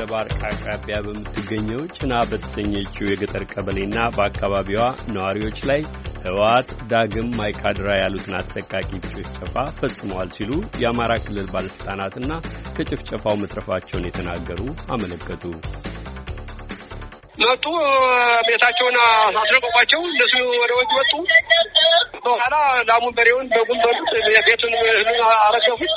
ደባርቅ አቅራቢያ በምትገኘው ጭና በተሰኘችው የገጠር ቀበሌና በአካባቢዋ ነዋሪዎች ላይ ህወሓት ዳግም ማይካድራ ያሉትን አሰቃቂ ጭፍጨፋ ፈጽመዋል ሲሉ የአማራ ክልል ባለሥልጣናትና ከጭፍጨፋው መትረፋቸውን የተናገሩ አመለከቱ። መጡ። ቤታቸውን አስለቀቋቸው። እነሱ ወደ ወንዝ ወጡ። በኋላ ላሙን በሬውን በጉን በሉት። ቤቱን አረገፉት።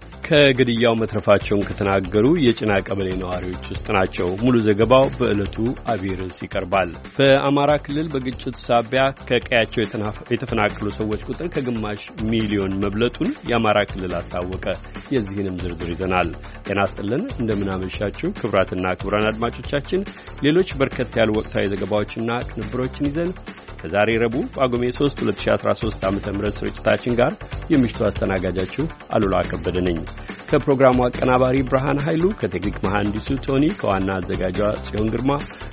ከግድያው መትረፋቸውን ከተናገሩ የጭና ቀበሌ ነዋሪዎች ውስጥ ናቸው። ሙሉ ዘገባው በዕለቱ አብይ ርዕስ ይቀርባል። በአማራ ክልል በግጭቱ ሳቢያ ከቀያቸው የተፈናቀሉ ሰዎች ቁጥር ከግማሽ ሚሊዮን መብለጡን የአማራ ክልል አስታወቀ። የዚህንም ዝርዝር ይዘናል። ጤና ስጥልን፣ እንደምናመሻችሁ ክቡራትና ክቡራን አድማጮቻችን ሌሎች በርከት ያሉ ወቅታዊ ዘገባዎችና ቅንብሮችን ይዘን ከዛሬ ረቡዕ ጳጉሜ 3 2013 ዓ ም ስርጭታችን ጋር የምሽቱ አስተናጋጃችሁ አሉላ ከበደ ነኝ። ከፕሮግራሙ አቀናባሪ ብርሃን ኃይሉ፣ ከቴክኒክ መሐንዲሱ ቶኒ፣ ከዋና አዘጋጇ ጽዮን ግርማ፣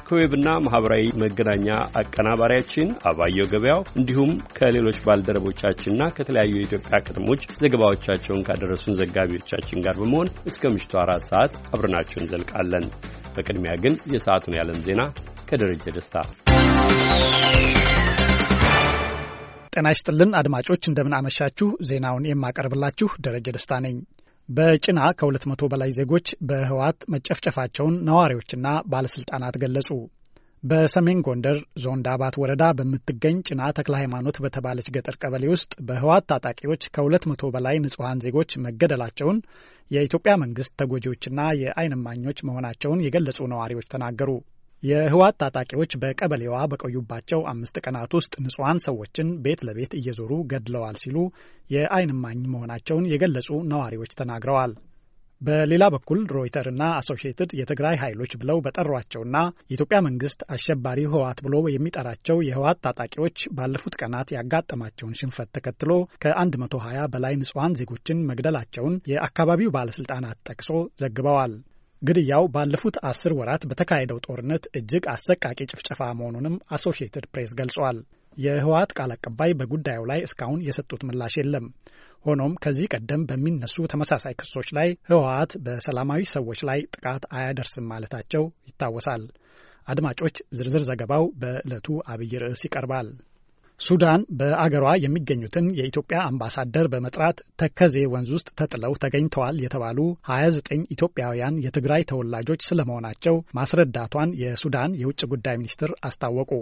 ከዌብና ማኅበራዊ መገናኛ አቀናባሪያችን አባየው ገበያው እንዲሁም ከሌሎች ባልደረቦቻችንና ከተለያዩ የኢትዮጵያ ከተሞች ዘገባዎቻቸውን ካደረሱን ዘጋቢዎቻችን ጋር በመሆን እስከ ምሽቱ አራት ሰዓት አብረናቸው እንዘልቃለን። በቅድሚያ ግን የሰዓቱን ያለም ዜና ከደረጀ ደስታ ጤና ይስጥልን አድማጮች፣ እንደምን አመሻችሁ። ዜናውን የማቀርብላችሁ ደረጀ ደስታ ነኝ። በጭና ከ200 በላይ ዜጎች በህወሓት መጨፍጨፋቸውን ነዋሪዎችና ባለስልጣናት ገለጹ። በሰሜን ጎንደር ዞን ዳባት ወረዳ በምትገኝ ጭና ተክለ ሃይማኖት በተባለች ገጠር ቀበሌ ውስጥ በህወሓት ታጣቂዎች ከ200 በላይ ንጹሐን ዜጎች መገደላቸውን የኢትዮጵያ መንግስት ተጎጂዎችና የአይንማኞች መሆናቸውን የገለጹ ነዋሪዎች ተናገሩ። የህወሓት ታጣቂዎች በቀበሌዋ በቆዩባቸው አምስት ቀናት ውስጥ ንጹሐን ሰዎችን ቤት ለቤት እየዞሩ ገድለዋል ሲሉ የዓይን እማኝ መሆናቸውን የገለጹ ነዋሪዎች ተናግረዋል። በሌላ በኩል እና አሶሽትድ የትግራይ ኃይሎች ብለው በጠሯቸውና የኢትዮጵያ መንግስት አሸባሪ ህወሓት ብሎ የሚጠራቸው የህወሓት ታጣቂዎች ባለፉት ቀናት ያጋጠማቸውን ሽንፈት ተከትሎ ከ120 በላይ ንጹሐን ዜጎችን መግደላቸውን የአካባቢው ባለስልጣናት ጠቅሶ ዘግበዋል። ግድያው ባለፉት አስር ወራት በተካሄደው ጦርነት እጅግ አሰቃቂ ጭፍጨፋ መሆኑንም አሶሺየትድ ፕሬስ ገልጿል። የህወሓት ቃል አቀባይ በጉዳዩ ላይ እስካሁን የሰጡት ምላሽ የለም። ሆኖም ከዚህ ቀደም በሚነሱ ተመሳሳይ ክሶች ላይ ህወሓት በሰላማዊ ሰዎች ላይ ጥቃት አያደርስም ማለታቸው ይታወሳል። አድማጮች፣ ዝርዝር ዘገባው በዕለቱ አብይ ርዕስ ይቀርባል። ሱዳን በአገሯ የሚገኙትን የኢትዮጵያ አምባሳደር በመጥራት ተከዜ ወንዝ ውስጥ ተጥለው ተገኝተዋል የተባሉ 29 ኢትዮጵያውያን የትግራይ ተወላጆች ስለመሆናቸው ማስረዳቷን የሱዳን የውጭ ጉዳይ ሚኒስትር አስታወቁ።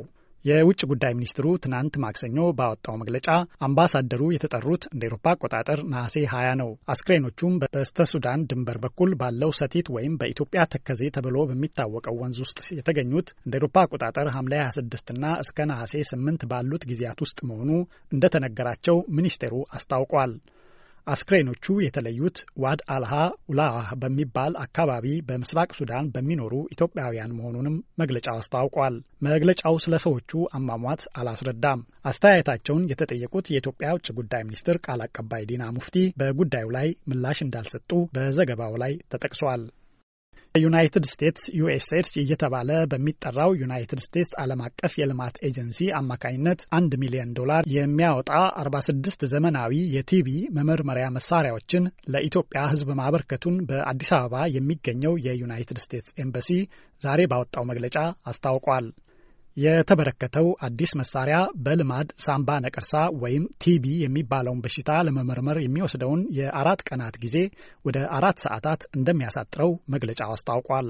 የውጭ ጉዳይ ሚኒስትሩ ትናንት ማክሰኞ ባወጣው መግለጫ አምባሳደሩ የተጠሩት እንደ ኤሮፓ አቆጣጠር ነሐሴ 20 ነው። አስክሬኖቹም በስተ ሱዳን ድንበር በኩል ባለው ሰቲት ወይም በኢትዮጵያ ተከዜ ተብሎ በሚታወቀው ወንዝ ውስጥ የተገኙት እንደ ኤሮፓ አቆጣጠር ሐምሌ 26ና እስከ ነሐሴ 8 ባሉት ጊዜያት ውስጥ መሆኑ እንደተነገራቸው ሚኒስቴሩ አስታውቋል። አስክሬኖቹ የተለዩት ዋድ አልሃ ኡላህ በሚባል አካባቢ በምስራቅ ሱዳን በሚኖሩ ኢትዮጵያውያን መሆኑንም መግለጫው አስታውቋል። መግለጫው ስለ ሰዎቹ አሟሟት አላስረዳም። አስተያየታቸውን የተጠየቁት የኢትዮጵያ ውጭ ጉዳይ ሚኒስትር ቃል አቀባይ ዲና ሙፍቲ በጉዳዩ ላይ ምላሽ እንዳልሰጡ በዘገባው ላይ ተጠቅሷል። ዩናይትድ ስቴትስ ዩኤስኤድ እየተባለ በሚጠራው ዩናይትድ ስቴትስ ዓለም አቀፍ የልማት ኤጀንሲ አማካኝነት አንድ ሚሊዮን ዶላር የሚያወጣ 46 ዘመናዊ የቲቪ መመርመሪያ መሳሪያዎችን ለኢትዮጵያ ሕዝብ ማበርከቱን በአዲስ አበባ የሚገኘው የዩናይትድ ስቴትስ ኤምባሲ ዛሬ ባወጣው መግለጫ አስታውቋል። የተበረከተው አዲስ መሳሪያ በልማድ ሳምባ ነቀርሳ ወይም ቲቢ የሚባለውን በሽታ ለመመርመር የሚወስደውን የአራት ቀናት ጊዜ ወደ አራት ሰዓታት እንደሚያሳጥረው መግለጫው አስታውቋል።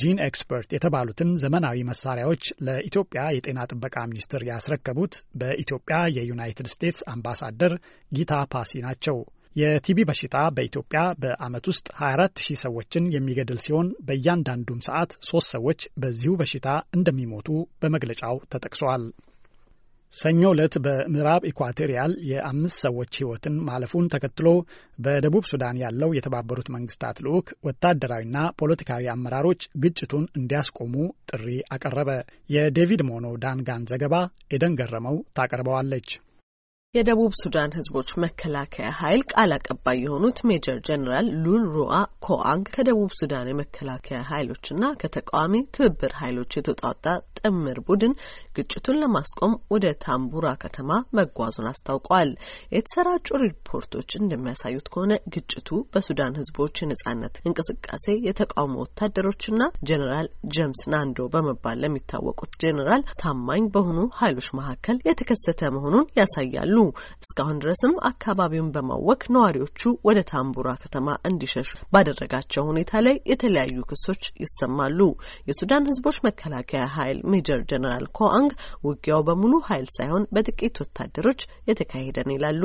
ጂን ኤክስፐርት የተባሉትን ዘመናዊ መሳሪያዎች ለኢትዮጵያ የጤና ጥበቃ ሚኒስትር ያስረከቡት በኢትዮጵያ የዩናይትድ ስቴትስ አምባሳደር ጊታ ፓሲ ናቸው። የቲቢ በሽታ በኢትዮጵያ በዓመት ውስጥ 24 ሺህ ሰዎችን የሚገድል ሲሆን በእያንዳንዱም ሰዓት ሶስት ሰዎች በዚሁ በሽታ እንደሚሞቱ በመግለጫው ተጠቅሰዋል። ሰኞ ዕለት በምዕራብ ኢኳቶሪያል የአምስት ሰዎች ሕይወትን ማለፉን ተከትሎ በደቡብ ሱዳን ያለው የተባበሩት መንግስታት ልዑክ ወታደራዊና ፖለቲካዊ አመራሮች ግጭቱን እንዲያስቆሙ ጥሪ አቀረበ። የዴቪድ ሞኖ ዳንጋን ዘገባ ኤደን ገረመው ታቀርበዋለች። የደቡብ ሱዳን ህዝቦች መከላከያ ኃይል ቃል አቀባይ የሆኑት ሜጀር ጀኔራል ሉል ሩአ ኮአንግ ከደቡብ ሱዳን የመከላከያ ኃይሎችና ከተቃዋሚ ትብብር ኃይሎች የተውጣጣ ጥምር ቡድን ግጭቱን ለማስቆም ወደ ታምቡራ ከተማ መጓዙን አስታውቀዋል። የተሰራጩ ሪፖርቶች እንደሚያሳዩት ከሆነ ግጭቱ በሱዳን ህዝቦች የነጻነት እንቅስቃሴ የተቃውሞ ወታደሮችና ጀኔራል ጀምስ ናንዶ በመባል ለሚታወቁት ጀኔራል ታማኝ በሆኑ ኃይሎች መካከል የተከሰተ መሆኑን ያሳያሉ። እስካሁን ድረስም አካባቢውን በማወክ ነዋሪዎቹ ወደ ታምቡራ ከተማ እንዲሸሹ ባደረጋቸው ሁኔታ ላይ የተለያዩ ክሶች ይሰማሉ። የሱዳን ህዝቦች መከላከያ ኃይል ሜጀር ጀነራል ኮአንግ ውጊያው በሙሉ ኃይል ሳይሆን በጥቂት ወታደሮች የተካሄደ ነው ይላሉ።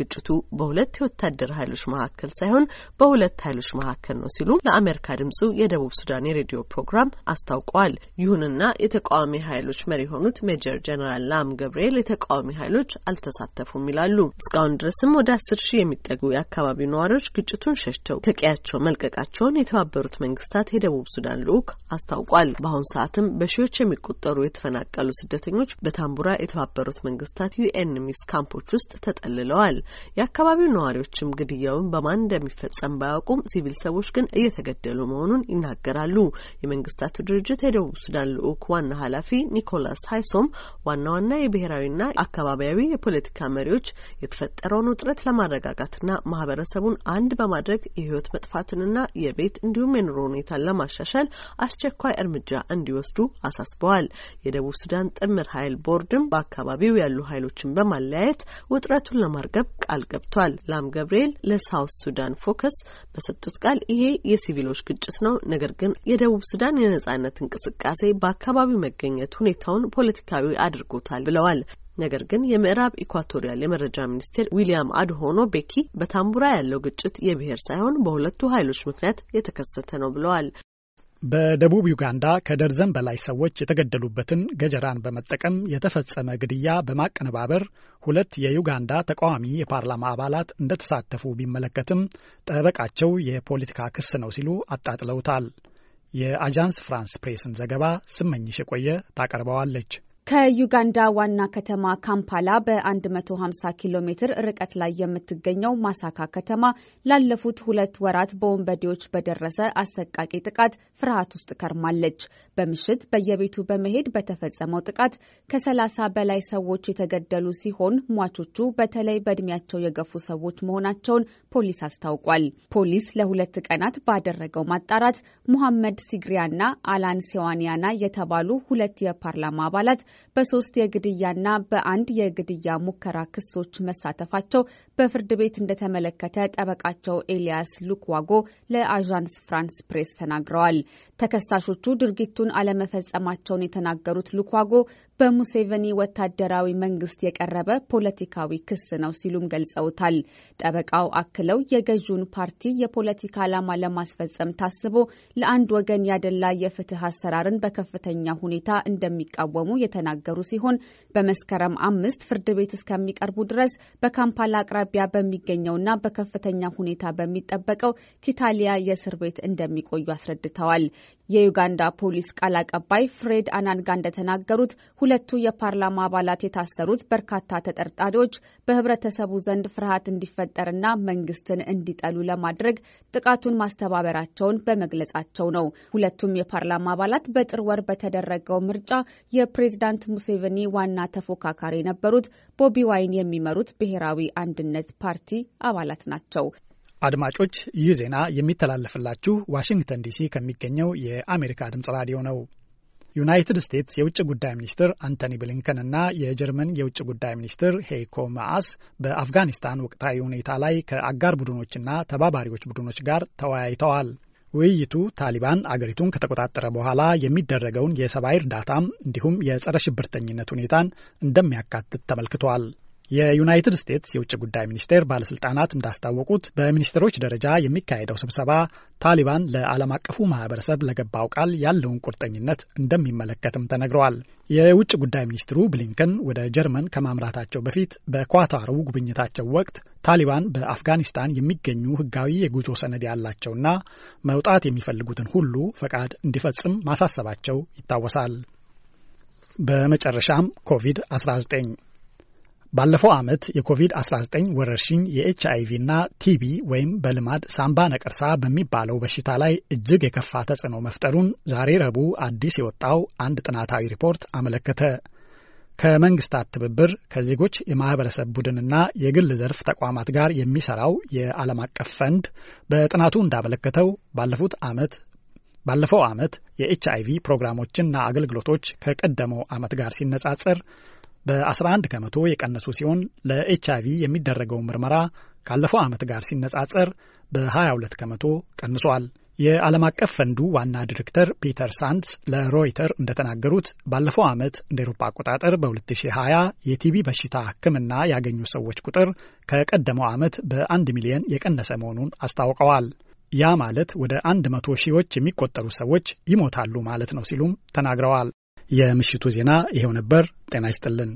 ግጭቱ በሁለት የወታደር ኃይሎች መካከል ሳይሆን በሁለት ኃይሎች መካከል ነው ሲሉ ለአሜሪካ ድምጹ የደቡብ ሱዳን የሬዲዮ ፕሮግራም አስታውቀዋል። ይሁንና የተቃዋሚ ኃይሎች መሪ የሆኑት ሜጀር ጀነራል ላም ገብርኤል የተቃዋሚ ኃይሎች አልተሳተ አይሳተፉም ይላሉ። እስካሁን ድረስም ወደ አስር ሺህ የሚጠጉ የአካባቢው ነዋሪዎች ግጭቱን ሸሽተው ከቀያቸው መልቀቃቸውን የተባበሩት መንግስታት የደቡብ ሱዳን ልዑክ አስታውቋል። በአሁኑ ሰዓትም በሺዎች የሚቆጠሩ የተፈናቀሉ ስደተኞች በታምቡራ የተባበሩት መንግስታት ዩኤን ሚስ ካምፖች ውስጥ ተጠልለዋል። የአካባቢው ነዋሪዎችም ግድያውን በማን እንደሚፈጸም ባያውቁም ሲቪል ሰዎች ግን እየተገደሉ መሆኑን ይናገራሉ። የመንግስታቱ ድርጅት የደቡብ ሱዳን ልዑክ ዋና ኃላፊ ኒኮላስ ሃይሶም ዋና ዋና የብሔራዊና አካባቢያዊ የፖለቲካ መሪዎች የተፈጠረውን ውጥረት ለማረጋጋትና ማህበረሰቡን አንድ በማድረግ የህይወት መጥፋትንና የቤት እንዲሁም የኑሮ ሁኔታን ለማሻሻል አስቸኳይ እርምጃ እንዲወስዱ አሳስበዋል። የደቡብ ሱዳን ጥምር ኃይል ቦርድም በአካባቢው ያሉ ኃይሎችን በማለያየት ውጥረቱን ለማርገብ ቃል ገብቷል። ላም ገብርኤል ለሳውስ ሱዳን ፎከስ በሰጡት ቃል ይሄ የሲቪሎች ግጭት ነው፣ ነገር ግን የደቡብ ሱዳን የነጻነት እንቅስቃሴ በአካባቢው መገኘት ሁኔታውን ፖለቲካዊ አድርጎታል ብለዋል። ነገር ግን የምዕራብ ኢኳቶሪያል የመረጃ ሚኒስቴር ዊሊያም አድሆኖ ቤኪ በታምቡራ ያለው ግጭት የብሔር ሳይሆን በሁለቱ ኃይሎች ምክንያት የተከሰተ ነው ብለዋል። በደቡብ ዩጋንዳ ከደርዘን በላይ ሰዎች የተገደሉበትን ገጀራን በመጠቀም የተፈጸመ ግድያ በማቀነባበር ሁለት የዩጋንዳ ተቃዋሚ የፓርላማ አባላት እንደተሳተፉ ቢመለከትም ጠበቃቸው የፖለቲካ ክስ ነው ሲሉ አጣጥለውታል። የአጃንስ ፍራንስ ፕሬስን ዘገባ ስመኝሽ የቆየ ታቀርበዋለች። ከዩጋንዳ ዋና ከተማ ካምፓላ በ150 ኪሎ ሜትር ርቀት ላይ የምትገኘው ማሳካ ከተማ ላለፉት ሁለት ወራት በወንበዴዎች በደረሰ አሰቃቂ ጥቃት ፍርሃት ውስጥ ከርማለች። በምሽት በየቤቱ በመሄድ በተፈጸመው ጥቃት ከ30 በላይ ሰዎች የተገደሉ ሲሆን ሟቾቹ በተለይ በእድሜያቸው የገፉ ሰዎች መሆናቸውን ፖሊስ አስታውቋል። ፖሊስ ለሁለት ቀናት ባደረገው ማጣራት ሙሐመድ ሲግሪያና አላን ሴዋንያና የተባሉ ሁለት የፓርላማ አባላት በሶስት የግድያና በአንድ የግድያ ሙከራ ክሶች መሳተፋቸው በፍርድ ቤት እንደተመለከተ ጠበቃቸው ኤልያስ ሉክዋጎ ለአዣንስ ፍራንስ ፕሬስ ተናግረዋል። ተከሳሾቹ ድርጊቱን አለመፈጸማቸውን የተናገሩት ሉክዋጎ በሙሴቨኒ ወታደራዊ መንግስት የቀረበ ፖለቲካዊ ክስ ነው ሲሉም ገልጸውታል። ጠበቃው አክለው የገዢውን ፓርቲ የፖለቲካ ዓላማ ለማስፈጸም ታስቦ ለአንድ ወገን ያደላ የፍትህ አሰራርን በከፍተኛ ሁኔታ እንደሚቃወሙ የተናገሩ ሲሆን በመስከረም አምስት ፍርድ ቤት እስከሚቀርቡ ድረስ በካምፓላ አቅራቢያ በሚገኘውና በከፍተኛ ሁኔታ በሚጠበቀው ኪታሊያ የእስር ቤት እንደሚቆዩ አስረድተዋል። የዩጋንዳ ፖሊስ ቃል አቀባይ ፍሬድ አናንጋ እንደተናገሩት ሁለቱ የፓርላማ አባላት የታሰሩት በርካታ ተጠርጣሪዎች በህብረተሰቡ ዘንድ ፍርሃት እንዲፈጠርና መንግስትን እንዲጠሉ ለማድረግ ጥቃቱን ማስተባበራቸውን በመግለጻቸው ነው። ሁለቱም የፓርላማ አባላት በጥር ወር በተደረገው ምርጫ የፕሬዚዳንት ሙሴቬኒ ዋና ተፎካካሪ የነበሩት ቦቢ ዋይን የሚመሩት ብሔራዊ አንድነት ፓርቲ አባላት ናቸው። አድማጮች ይህ ዜና የሚተላለፍላችሁ ዋሽንግተን ዲሲ ከሚገኘው የአሜሪካ ድምጽ ራዲዮ ነው። ዩናይትድ ስቴትስ የውጭ ጉዳይ ሚኒስትር አንቶኒ ብሊንከን እና የጀርመን የውጭ ጉዳይ ሚኒስትር ሄይኮ ማአስ በአፍጋኒስታን ወቅታዊ ሁኔታ ላይ ከአጋር ቡድኖችና ተባባሪዎች ቡድኖች ጋር ተወያይተዋል። ውይይቱ ታሊባን አገሪቱን ከተቆጣጠረ በኋላ የሚደረገውን የሰብአዊ እርዳታም እንዲሁም የጸረ ሽብርተኝነት ሁኔታን እንደሚያካትት ተመልክቷል። የዩናይትድ ስቴትስ የውጭ ጉዳይ ሚኒስቴር ባለስልጣናት እንዳስታወቁት በሚኒስትሮች ደረጃ የሚካሄደው ስብሰባ ታሊባን ለዓለም አቀፉ ማህበረሰብ ለገባው ቃል ያለውን ቁርጠኝነት እንደሚመለከትም ተነግረዋል። የውጭ ጉዳይ ሚኒስትሩ ብሊንከን ወደ ጀርመን ከማምራታቸው በፊት በኳታሩ ጉብኝታቸው ወቅት ታሊባን በአፍጋኒስታን የሚገኙ ህጋዊ የጉዞ ሰነድ ያላቸውና መውጣት የሚፈልጉትን ሁሉ ፈቃድ እንዲፈጽም ማሳሰባቸው ይታወሳል። በመጨረሻም ኮቪድ-19 ባለፈው ዓመት የኮቪድ-19 ወረርሽኝ የኤች አይቪ እና ቲቢ ወይም በልማድ ሳምባ ነቀርሳ በሚባለው በሽታ ላይ እጅግ የከፋ ተጽዕኖ መፍጠሩን ዛሬ ረቡዕ አዲስ የወጣው አንድ ጥናታዊ ሪፖርት አመለከተ። ከመንግስታት ትብብር ከዜጎች የማህበረሰብ ቡድንና የግል ዘርፍ ተቋማት ጋር የሚሰራው የዓለም አቀፍ ፈንድ በጥናቱ እንዳመለከተው ባለፉት ዓመት ባለፈው ዓመት የኤች ቪ ፕሮግራሞችና አገልግሎቶች ከቀደመው ዓመት ጋር ሲነጻጸር በ11 ከመቶ የቀነሱ ሲሆን ለኤች አይቪ የሚደረገው ምርመራ ካለፈው ዓመት ጋር ሲነጻጸር በ22 ከመቶ ቀንሷል። የዓለም አቀፍ ፈንዱ ዋና ዲሬክተር ፒተር ሳንድስ ለሮይተር እንደተናገሩት ባለፈው ዓመት እንደ ኤሮፓ አቆጣጠር በ2020 የቲቢ በሽታ ሕክምና ያገኙ ሰዎች ቁጥር ከቀደመው ዓመት በአንድ ሚሊየን የቀነሰ መሆኑን አስታውቀዋል። ያ ማለት ወደ አንድ መቶ ሺዎች የሚቆጠሩ ሰዎች ይሞታሉ ማለት ነው ሲሉም ተናግረዋል። የምሽቱ ዜና ይሄው ነበር። ጤና ይስጥልን።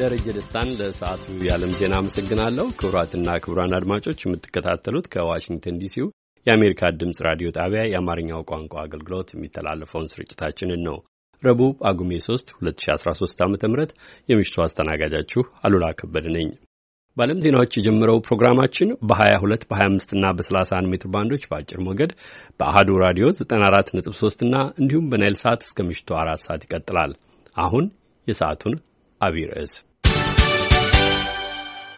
ደረጀ ደስታን ለሰዓቱ የዓለም ዜና አመሰግናለሁ። ክቡራትና ክቡራን አድማጮች የምትከታተሉት ከዋሽንግተን ዲሲው የአሜሪካ ድምፅ ራዲዮ ጣቢያ የአማርኛው ቋንቋ አገልግሎት የሚተላለፈውን ስርጭታችንን ነው። ረቡዕ ጳጉሜ 3 2013 ዓ ም የምሽቱ አስተናጋጃችሁ አሉላ ከበደ ነኝ። በዓለም ዜናዎች የጀመረው ፕሮግራማችን በ22 በ25 እና በ31 ሜትር ባንዶች በአጭር ሞገድ በአሃዱ ራዲዮ 94.3 እና እንዲሁም በናይል ሰዓት እስከ ምሽቱ አራት ሰዓት ይቀጥላል። አሁን የሰዓቱን አብይ ርዕስ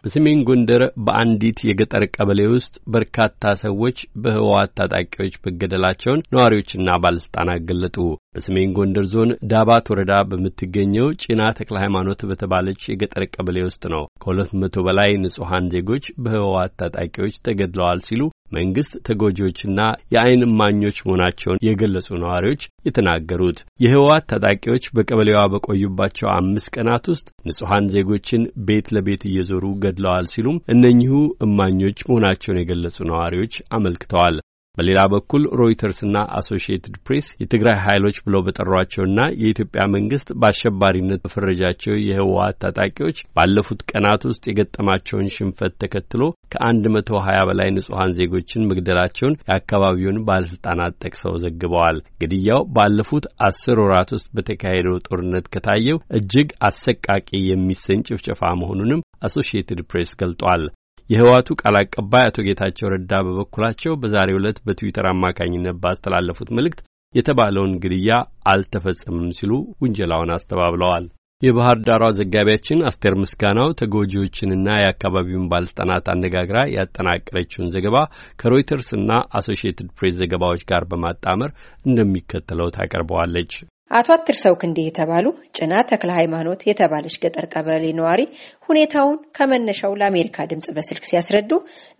በሰሜን ጎንደር በአንዲት የገጠር ቀበሌ ውስጥ በርካታ ሰዎች በህወሓት ታጣቂዎች መገደላቸውን ነዋሪዎችና ባለስልጣናት ገለጡ። በሰሜን ጎንደር ዞን ዳባት ወረዳ በምትገኘው ጭና ተክለ ሃይማኖት በተባለች የገጠር ቀበሌ ውስጥ ነው ከሁለት መቶ በላይ ንጹሐን ዜጎች በህወሓት ታጣቂዎች ተገድለዋል ሲሉ መንግስት ተጎጂዎችና የአይን እማኞች መሆናቸውን የገለጹ ነዋሪዎች የተናገሩት የህወሓት ታጣቂዎች በቀበሌዋ በቆዩባቸው አምስት ቀናት ውስጥ ንጹሐን ዜጎችን ቤት ለቤት እየዞሩ ገድለዋል ሲሉም እነኚሁ እማኞች መሆናቸውን የገለጹ ነዋሪዎች አመልክተዋል። በሌላ በኩል ሮይተርስና አሶሽየትድ ፕሬስ የትግራይ ኃይሎች ብለው በጠሯቸውና የኢትዮጵያ መንግስት በአሸባሪነት በፈረጃቸው የህወሀት ታጣቂዎች ባለፉት ቀናት ውስጥ የገጠማቸውን ሽንፈት ተከትሎ ከአንድ መቶ ሀያ በላይ ንጹሐን ዜጎችን መግደላቸውን የአካባቢውን ባለስልጣናት ጠቅሰው ዘግበዋል። ግድያው ባለፉት አስር ወራት ውስጥ በተካሄደው ጦርነት ከታየው እጅግ አሰቃቂ የሚሰኝ ጭፍጨፋ መሆኑንም አሶሺየትድ ፕሬስ ገልጧል። የህወሓቱ ቃል አቀባይ አቶ ጌታቸው ረዳ በበኩላቸው በዛሬው ዕለት በትዊተር አማካኝነት ባስተላለፉት መልእክት የተባለውን ግድያ አልተፈጸምም ሲሉ ውንጀላውን አስተባብለዋል። የባህር ዳሯ ዘጋቢያችን አስቴር ምስጋናው ተጎጂዎችንና የአካባቢውን ባለስልጣናት አነጋግራ ያጠናቀረችውን ዘገባ ከሮይተርስና አሶሺየትድ ፕሬስ ዘገባዎች ጋር በማጣመር እንደሚከተለው ታቀርበዋለች። አቶ አትር ሰው ክንዴ የተባሉ ጭና ተክለ ሃይማኖት የተባለች ገጠር ቀበሌ ነዋሪ ሁኔታውን ከመነሻው ለአሜሪካ ድምጽ በስልክ ሲያስረዱ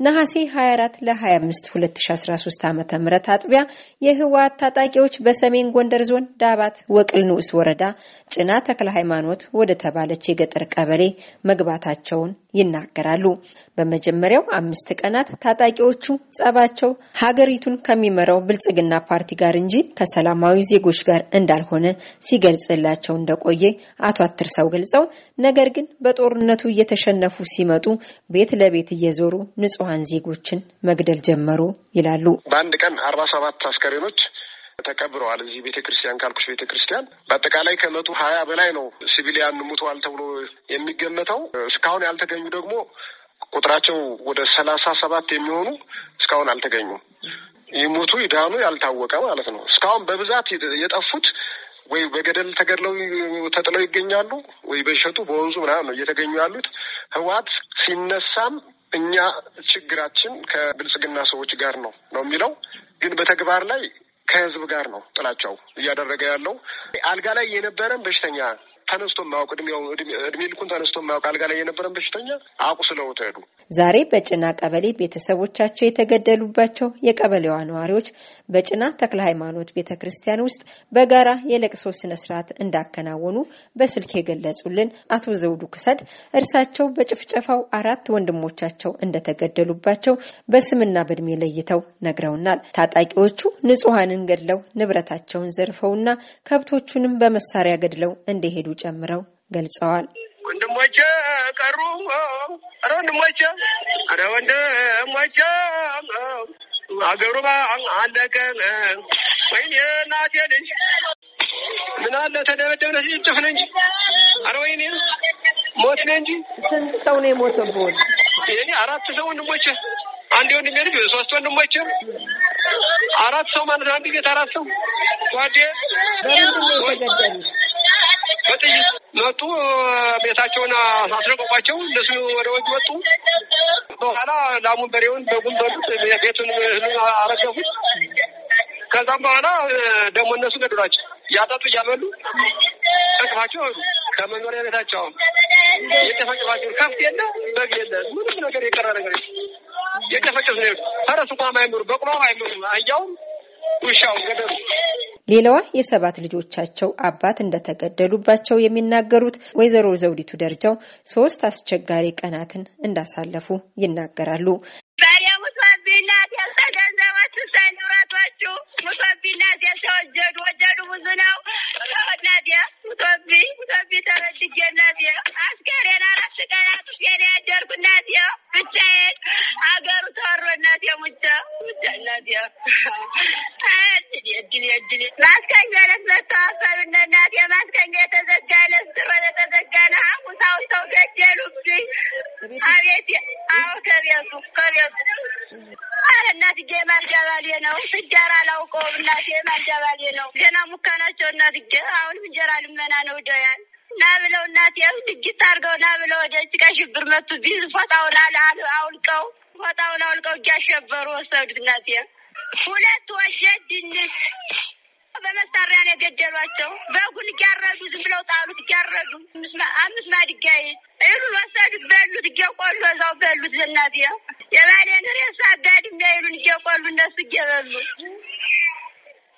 ነሐሴ 24 ለ25 2013 ዓ ም አጥቢያ የህወሓት ታጣቂዎች በሰሜን ጎንደር ዞን ዳባት ወቅል ንዑስ ወረዳ ጭና ተክለ ሃይማኖት ወደ ተባለች የገጠር ቀበሌ መግባታቸውን ይናገራሉ። በመጀመሪያው አምስት ቀናት ታጣቂዎቹ ጸባቸው ሀገሪቱን ከሚመራው ብልጽግና ፓርቲ ጋር እንጂ ከሰላማዊ ዜጎች ጋር እንዳልሆነ ሲገልጽላቸው እንደቆየ አቶ አትርሰው ገልጸው፣ ነገር ግን በጦርነቱ እየተሸነፉ ሲመጡ ቤት ለቤት እየዞሩ ንጹሐን ዜጎችን መግደል ጀመሩ ይላሉ። በአንድ ቀን አርባ ሰባት አስከሬኖች ተቀብረዋል። እዚህ ቤተ ክርስቲያን ካልኩሽ ቤተ ክርስቲያን በአጠቃላይ ከመቶ ሀያ በላይ ነው ሲቪሊያን ሙተዋል ተብሎ የሚገመተው። እስካሁን ያልተገኙ ደግሞ ቁጥራቸው ወደ ሰላሳ ሰባት የሚሆኑ እስካሁን አልተገኙም። ይሞቱ ይዳኑ ያልታወቀ ማለት ነው። እስካሁን በብዛት የጠፉት ወይ በገደል ተገድለው ተጥለው ይገኛሉ ወይ በሸጡ በወንዙ ምናምን ነው እየተገኙ ያሉት። ህወሓት ሲነሳም እኛ ችግራችን ከብልጽግና ሰዎች ጋር ነው ነው የሚለው ግን በተግባር ላይ ከህዝብ ጋር ነው ጥላቻው እያደረገ ያለው። አልጋ ላይ የነበረን በሽተኛ ተነስቶ የማያውቅ እድሜ ልኩን ተነስቶ የማያውቅ አልጋ ላይ የነበረን በሽተኛ አቁስለው ተሄዱ። ዛሬ በጭና ቀበሌ ቤተሰቦቻቸው የተገደሉባቸው የቀበሌዋ ነዋሪዎች በጭና ተክለ ሃይማኖት ቤተ ክርስቲያን ውስጥ በጋራ የለቅሶ ስነ ስርዓት እንዳከናወኑ በስልክ የገለጹልን አቶ ዘውዱ ክሰድ እርሳቸው በጭፍጨፋው አራት ወንድሞቻቸው እንደተገደሉባቸው በስምና በእድሜ ለይተው ነግረውናል። ታጣቂዎቹ ንጹሐንን ገድለው ንብረታቸውን ዘርፈውና ከብቶቹንም በመሳሪያ ገድለው እንደሄዱ ጨምረው ገልጸዋል። ወንድሞቼ ቀሩ ወንድሞቼ ወንድሞቼ አገሩ አለቀን ወይም የእናቴ ልጅ ምን አለ ተደበደብነ ጭፍ ነ እንጂ አረ ወይኔ ሞት ነ እንጂ። ስንት ሰው ነው የሞተብዎት? እኔ አራት ሰው ወንድሞች፣ አንድ ወንድሜ ልጅ፣ ሶስት ወንድሞች፣ አራት ሰው ማለት ነው። አንድ ቤት አራት ሰው ጓዴ በምንድን ነው በጥይት መጡ። ቤታቸውን አስለቀቋቸው። እነሱ ወደ ወጅ ወጡ። በኋላ ላሙን፣ በሬውን፣ በጉን በሉት። ቤቱን እህሉን አረገፉት። ከዛም በኋላ ደግሞ እነሱ ገድሏቸው እያጠጡ እያበሉ ጠቅፋቸው ሉ ከመኖሪያ ቤታቸው የጨፈጨፋቸው ከፍት የለ በግ የለ ምንም ነገር የቀረ ነገር የጨፈጨፍ ነው። ፈረስ እንኳን አይምሩ፣ በቁማም አይምሩ፣ አያውም ሌላዋ የሰባት ልጆቻቸው አባት እንደተገደሉባቸው የሚናገሩት ወይዘሮ ዘውዲቱ ደረጃው ሶስት አስቸጋሪ ቀናትን እንዳሳለፉ ይናገራሉ። ሙሰቢናት ያልተ ገንዘባችሁ ሳይኖራቷችሁ ሙሰቢናት ያልተወጀዱ ወጀዱ ብዙ ነው ናዲያ ሙሰቢ ሙሰቢ ተረድጌ ናዲያ አስከሬን አራት ቀናት የኔ ያደርኩ ናዲያ ብቻዬን አገሩ ተወሮ ናዲያ ሙጫ ሙጫ ናዲያ ናዲያ የተዘጋ የተዘጋ ሰው ገደሉብኝ አቤት አዎ ከቤቱ ከቤቱ እናትዬ ማልዳባሌ ነው ስዳር አላውቀው እናቴ ማልዳባሌ ነው ገና ሙካ ናቸው። እናትዬ አሁንም እንጀራ ልመና ነው ደያን ና ብለው እናቴ ድግት አድርገው ና ብለው ወደ ጭቃ ሽብር መቱ ቢዝ ፎጣውን አውልቀው ፎጣውን አውልቀው እያሸበሩ ወሰዱት። እናቴ ሁለት ወሸት ድንች በመሳሪያ ነው የገደሏቸው። በጉን እያረዱ ዝም ብለው ጣሉት፣ እያረዱ አምስት ማድጋይ ይሉን ወሰዱት፣ በሉት፣ እየቆሉ እዛው በሉት። ዘናት የባሌን ሬሳ አጋድሜ ይሉን እየቆሉ እነሱ እየበሉ